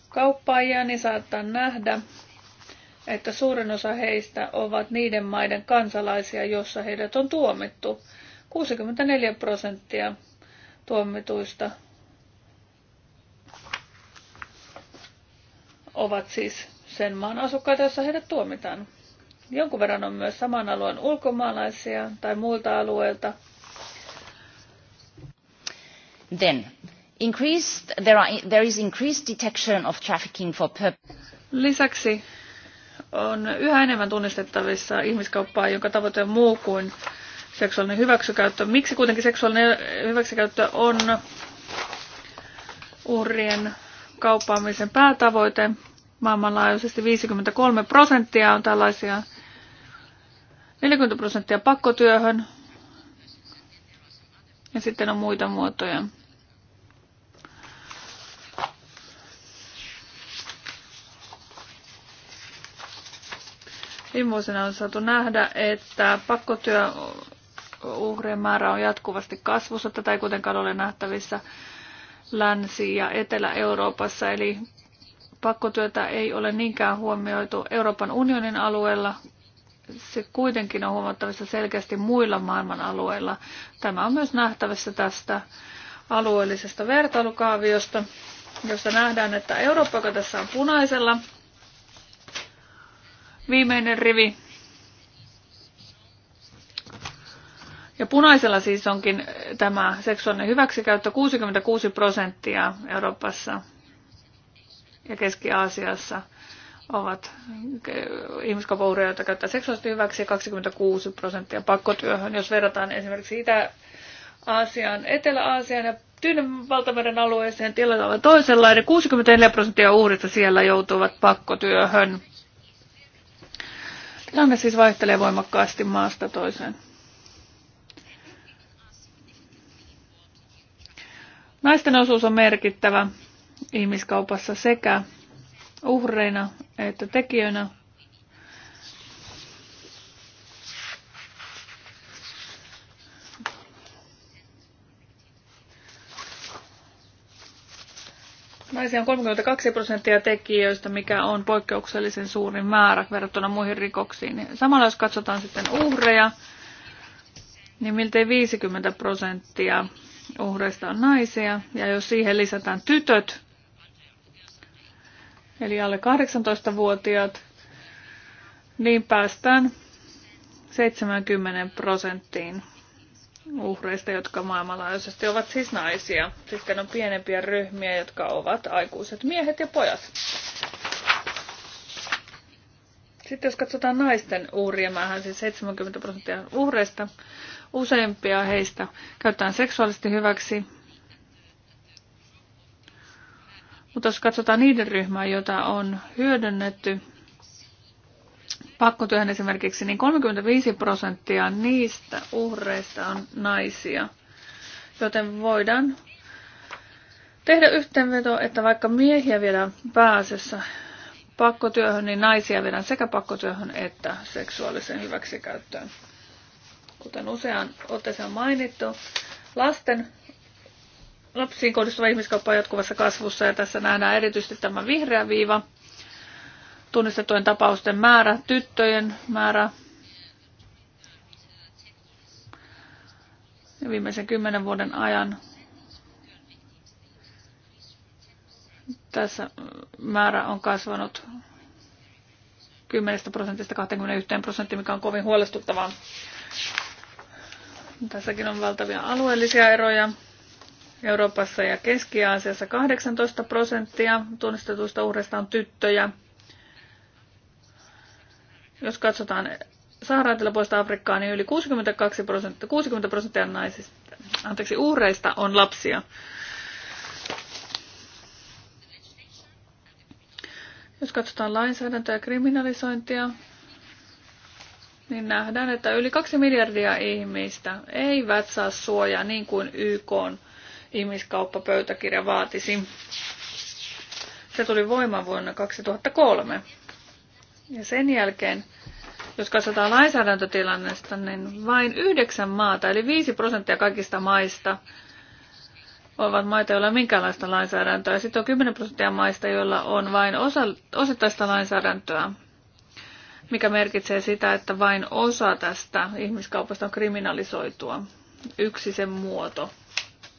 kauppaajia, niin saattaa nähdä, että suurin osa heistä ovat niiden maiden kansalaisia, jossa heidät on tuomittu. 64 prosenttia tuomituista ovat siis sen maan asukkaita, jossa heidät tuomitaan. Jonkun verran on myös saman alueen ulkomaalaisia tai muilta alueilta. Then, Increased, there, are, there is increased detection of trafficking for Lisäksi on yhä enemmän tunnistettavissa ihmiskauppaa, jonka tavoite on muu kuin seksuaalinen hyväksikäyttö. Miksi kuitenkin seksuaalinen hyväksikäyttö on uhrien kauppaamisen päätavoite? Maailmanlaajuisesti 53 prosenttia on tällaisia, 40 prosenttia pakkotyöhön ja sitten on muita muotoja. Viime vuosina on saatu nähdä, että pakkotyö uhrien määrä on jatkuvasti kasvussa. Tätä ei kuitenkaan ole nähtävissä Länsi- ja Etelä-Euroopassa, eli pakkotyötä ei ole niinkään huomioitu Euroopan unionin alueella. Se kuitenkin on huomattavissa selkeästi muilla maailman alueilla. Tämä on myös nähtävissä tästä alueellisesta vertailukaaviosta, jossa nähdään, että Eurooppa, joka tässä on punaisella, viimeinen rivi. Ja punaisella siis onkin tämä seksuaalinen hyväksikäyttö 66 prosenttia Euroopassa ja Keski-Aasiassa ovat ihmiskaupan joita käyttää seksuaalisesti hyväksi, 26 prosenttia pakkotyöhön. Jos verrataan esimerkiksi Itä-Aasiaan, Etelä-Aasiaan ja Tyynen valtameren alueeseen tilanne on toisenlainen. 64 prosenttia uhrista siellä joutuvat pakkotyöhön. Tilanne siis vaihtelee voimakkaasti maasta toiseen. Naisten osuus on merkittävä ihmiskaupassa sekä uhreina että tekijöinä Naisia on 32 prosenttia tekijöistä, mikä on poikkeuksellisen suuri määrä verrattuna muihin rikoksiin. Samalla jos katsotaan sitten uhreja, niin miltei 50 prosenttia uhreista on naisia. Ja jos siihen lisätään tytöt, eli alle 18-vuotiaat, niin päästään 70 prosenttiin uhreista, jotka maailmanlaajuisesti ovat siis naisia. Sitten siis on pienempiä ryhmiä, jotka ovat aikuiset miehet ja pojat. Sitten jos katsotaan naisten uhrien määrää, siis 70 prosenttia uhreista, useimpia heistä käytetään seksuaalisesti hyväksi. Mutta jos katsotaan niiden ryhmää, jota on hyödynnetty, pakkotyöhön esimerkiksi, niin 35 prosenttia niistä uhreista on naisia. Joten voidaan tehdä yhteenveto, että vaikka miehiä viedään pääasiassa pakkotyöhön, niin naisia viedään sekä pakkotyöhön että seksuaaliseen hyväksikäyttöön. Kuten usean otteeseen mainittu, lasten lapsiin kohdistuva ihmiskauppa on jatkuvassa kasvussa ja tässä nähdään erityisesti tämä vihreä viiva, tunnistettujen tapausten määrä, tyttöjen määrä. Ja viimeisen kymmenen vuoden ajan tässä määrä on kasvanut 10 prosentista 21 prosenttiin, mikä on kovin huolestuttavaa. Tässäkin on valtavia alueellisia eroja. Euroopassa ja Keski-Aasiassa 18 prosenttia tunnistetuista uhreista on tyttöjä. Jos katsotaan saharaateläpuolista Afrikkaa, niin yli 62 prosenttia, 60 prosenttia naisista, anteeksi, uhreista on lapsia. Jos katsotaan lainsäädäntöä ja kriminalisointia, niin nähdään, että yli 2 miljardia ihmistä eivät saa suojaa niin kuin YK ihmiskauppapöytäkirja vaatisi. Se tuli voimaan vuonna 2003. Ja sen jälkeen, jos katsotaan lainsäädäntötilannesta, niin vain yhdeksän maata, eli viisi prosenttia kaikista maista, ovat maita, joilla on minkäänlaista lainsäädäntöä. Sitten on 10 prosenttia maista, joilla on vain osa, osittaista lainsäädäntöä, mikä merkitsee sitä, että vain osa tästä ihmiskaupasta on kriminalisoitua. Yksi sen muoto.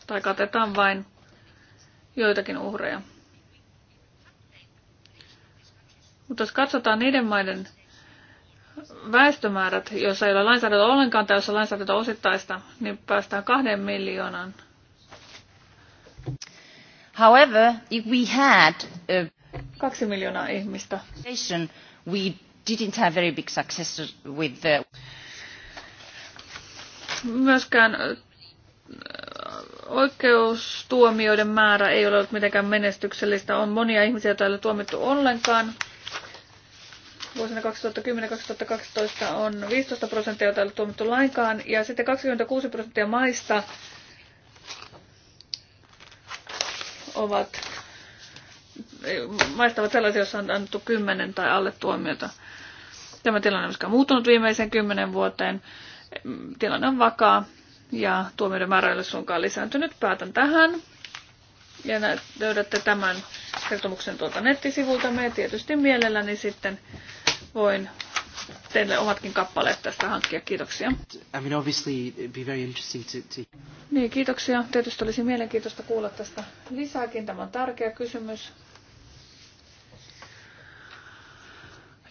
Tai katetaan vain joitakin uhreja. Mutta jos katsotaan niiden maiden väestömäärät, joissa ei ole lainsäädäntöä ollenkaan tai jossa lainsäädäntö on osittaista, niin päästään kahden miljoonan. However, if we had a kaksi miljoonaa ihmistä. We didn't have very big success with the... Myöskään oikeustuomioiden määrä ei ole ollut mitenkään menestyksellistä. On monia ihmisiä, joita ei ole tuomittu ollenkaan vuosina 2010-2012 on 15 prosenttia, jota ei ole tuomittu lainkaan, ja sitten 26 prosenttia maista ovat, maista ovat sellaisia, joissa on annettu 10 tai alle tuomiota. Tämä tilanne on myöskään muuttunut viimeisen kymmenen vuoteen. Tilanne on vakaa ja tuomioiden määrä ei ole suinkaan lisääntynyt. Päätän tähän. Ja löydätte tämän kertomuksen tuolta nettisivulta. Me tietysti mielelläni sitten voin teille omatkin kappaleet tästä hankkia. Kiitoksia. I mean, obviously be very interesting to, to... Niin, kiitoksia. Tietysti olisi mielenkiintoista kuulla tästä lisääkin. Tämä on tärkeä kysymys.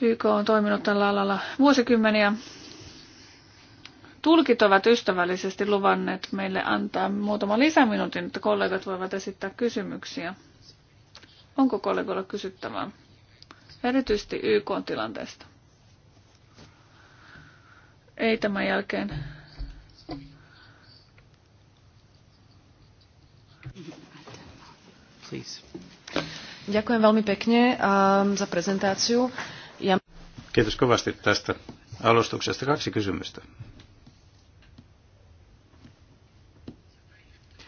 YK on toiminut tällä alalla vuosikymmeniä. Tulkit ovat ystävällisesti luvanneet meille antaa muutama lisäminuutin, että kollegat voivat esittää kysymyksiä. Onko kollegoilla kysyttävää? erityisesti YK-tilanteesta. Ei tämän jälkeen. Please. Ďakujem veľmi pekne um, za prezentáciu. Ja... Kiitos kovasti tästä alustuksesta. Kaksi kysymystä.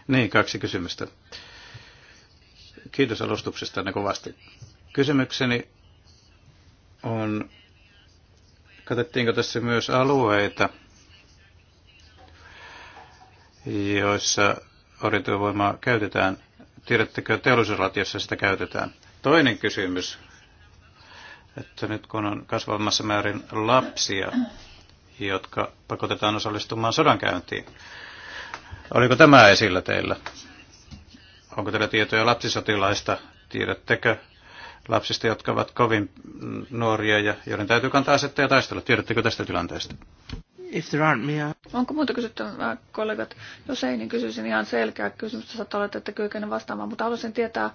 Niin, kaksi kysymystä. Kiitos alustuksesta ne kovasti. Kysymykseni on, katsottiinko tässä myös alueita, joissa orjatyövoimaa käytetään? Tiedättekö teollisuusalat, sitä käytetään? Toinen kysymys, että nyt kun on kasvamassa määrin lapsia, jotka pakotetaan osallistumaan sodankäyntiin, oliko tämä esillä teillä? Onko teillä tietoja lapsisotilaista? Tiedättekö lapsista, jotka ovat kovin mm, nuoria ja joiden täytyy kantaa asetta ja taistella. Tiedättekö tästä tilanteesta? If there aren't me, uh, Onko muuta kysyttävää, äh, kollegat? Jos ei, niin kysyisin ihan selkeää kysymystä. Saattaa olla, että kykene vastaamaan, mutta haluaisin tietää,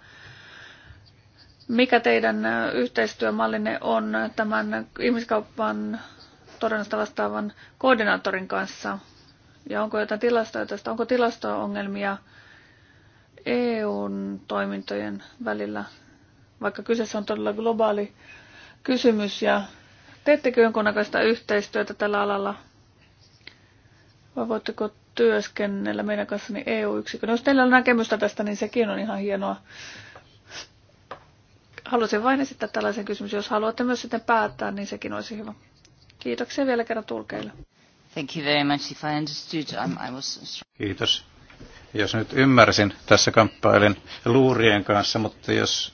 mikä teidän äh, yhteistyömallinne on tämän ihmiskauppan todennäköisesti vastaavan koordinaattorin kanssa? Ja onko jotain tilastoja tästä? Onko tilasto-ongelmia EUn toimintojen välillä? vaikka kyseessä on todella globaali kysymys. Ja teettekö jonkunnäköistä yhteistyötä tällä alalla? Vai voitteko työskennellä meidän kanssani EU-yksikön? Jos teillä on näkemystä tästä, niin sekin on ihan hienoa. Haluaisin vain esittää tällaisen kysymyksen. Jos haluatte myös sitten päättää, niin sekin olisi hyvä. Kiitoksia vielä kerran tulkeille. Thank you very much. If I understood, I'm, um, I was... Kiitos. Jos nyt ymmärsin, tässä kamppailin luurien kanssa, mutta jos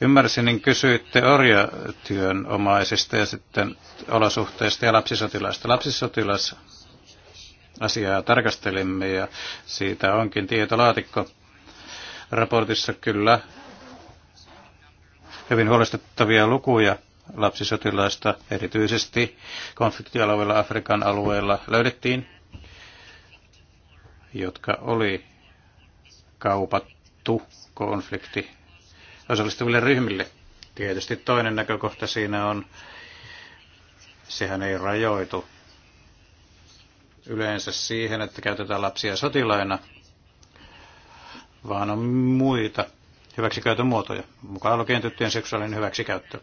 ymmärsin, niin kysyitte orjatyön omaisista ja sitten olosuhteista ja lapsisotilaista. Lapsisotilas asiaa tarkastelimme ja siitä onkin tietolaatikko raportissa kyllä hyvin huolestuttavia lukuja lapsisotilaista, erityisesti konfliktialueilla Afrikan alueella löydettiin, jotka oli kaupattu konflikti osallistuville ryhmille. Tietysti toinen näkökohta siinä on, sehän ei rajoitu yleensä siihen, että käytetään lapsia sotilaina, vaan on muita hyväksikäytön muotoja, mukaan lukien tyttöjen seksuaalinen hyväksikäyttö.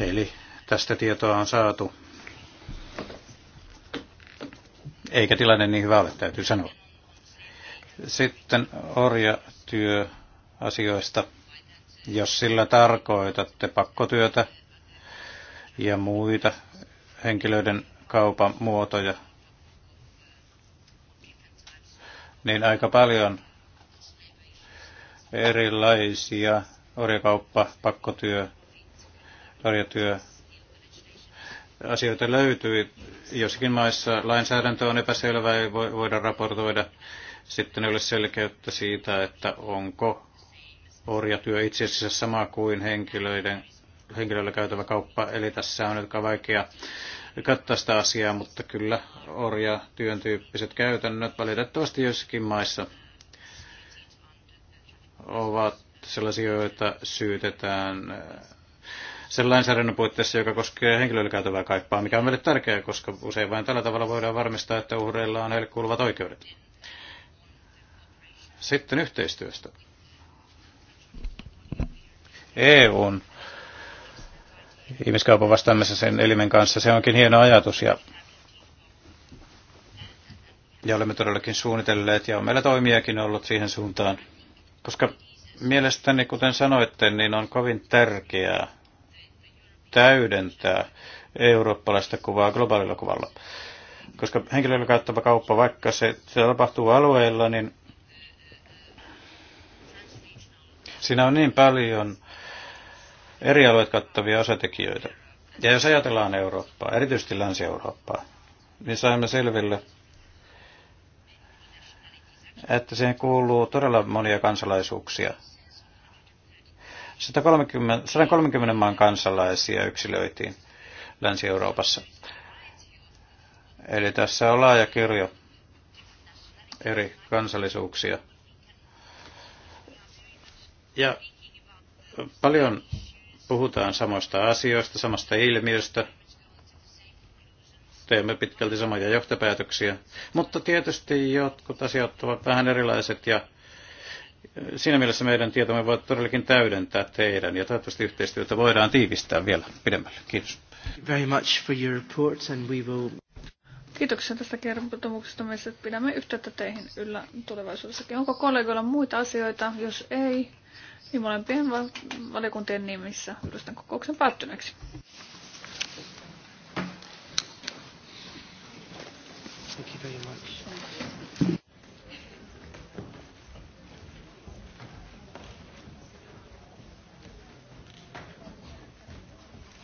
Eli tästä tietoa on saatu. Eikä tilanne niin hyvä ole, täytyy sanoa. Sitten orjatyö asioista, jos sillä tarkoitatte pakkotyötä ja muita henkilöiden kaupan muotoja, niin aika paljon erilaisia orjakauppa, pakkotyö, orjatyö, asioita löytyy. joskin maissa lainsäädäntö on epäselvä, ei voida raportoida. Sitten ei ole selkeyttä siitä, että onko orjatyö itse asiassa sama kuin henkilöiden, henkilöillä käytävä kauppa, eli tässä on aika vaikea kattaa sitä asiaa, mutta kyllä orjatyön tyyppiset käytännöt valitettavasti joissakin maissa ovat sellaisia, joita syytetään äh, sen lainsäädännön puitteissa, joka koskee henkilöille käytävää kaippaa, mikä on meille tärkeää, koska usein vain tällä tavalla voidaan varmistaa, että uhreilla on heille kuuluvat oikeudet. Sitten yhteistyöstä. EUn ihmiskaupan vastaamassa sen elimen kanssa. Se onkin hieno ajatus ja, ja olemme todellakin suunnitelleet ja on meillä toimijakin ollut siihen suuntaan. Koska mielestäni, kuten sanoitte, niin on kovin tärkeää täydentää eurooppalaista kuvaa globaalilla kuvalla. Koska henkilöllä kauttava kauppa, vaikka se, se tapahtuu alueilla, niin siinä on niin paljon eri alueet kattavia osatekijöitä. Ja jos ajatellaan Eurooppaa, erityisesti Länsi-Eurooppaa, niin saimme selville, että siihen kuuluu todella monia kansalaisuuksia. 130, 130 maan kansalaisia yksilöitiin Länsi-Euroopassa. Eli tässä on laaja kirjo eri kansallisuuksia. Ja paljon Puhutaan samoista asioista, samasta ilmiöstä. Teemme pitkälti samoja johtopäätöksiä. Mutta tietysti jotkut asiat ovat vähän erilaiset ja eh, siinä mielessä meidän tietomme voi todellakin täydentää teidän ja toivottavasti yhteistyötä voidaan tiivistää vielä pidemmälle. Kiitos. Very much for your reports and we will... Kiitoksia tästä kertomuksesta. Me pidämme yhteyttä teihin yllä tulevaisuudessakin. Onko kollegoilla muita asioita? Jos ei, niin molempien val- valiokuntien nimissä julistan kokouksen päättyneeksi. Thank you very much. Thank you.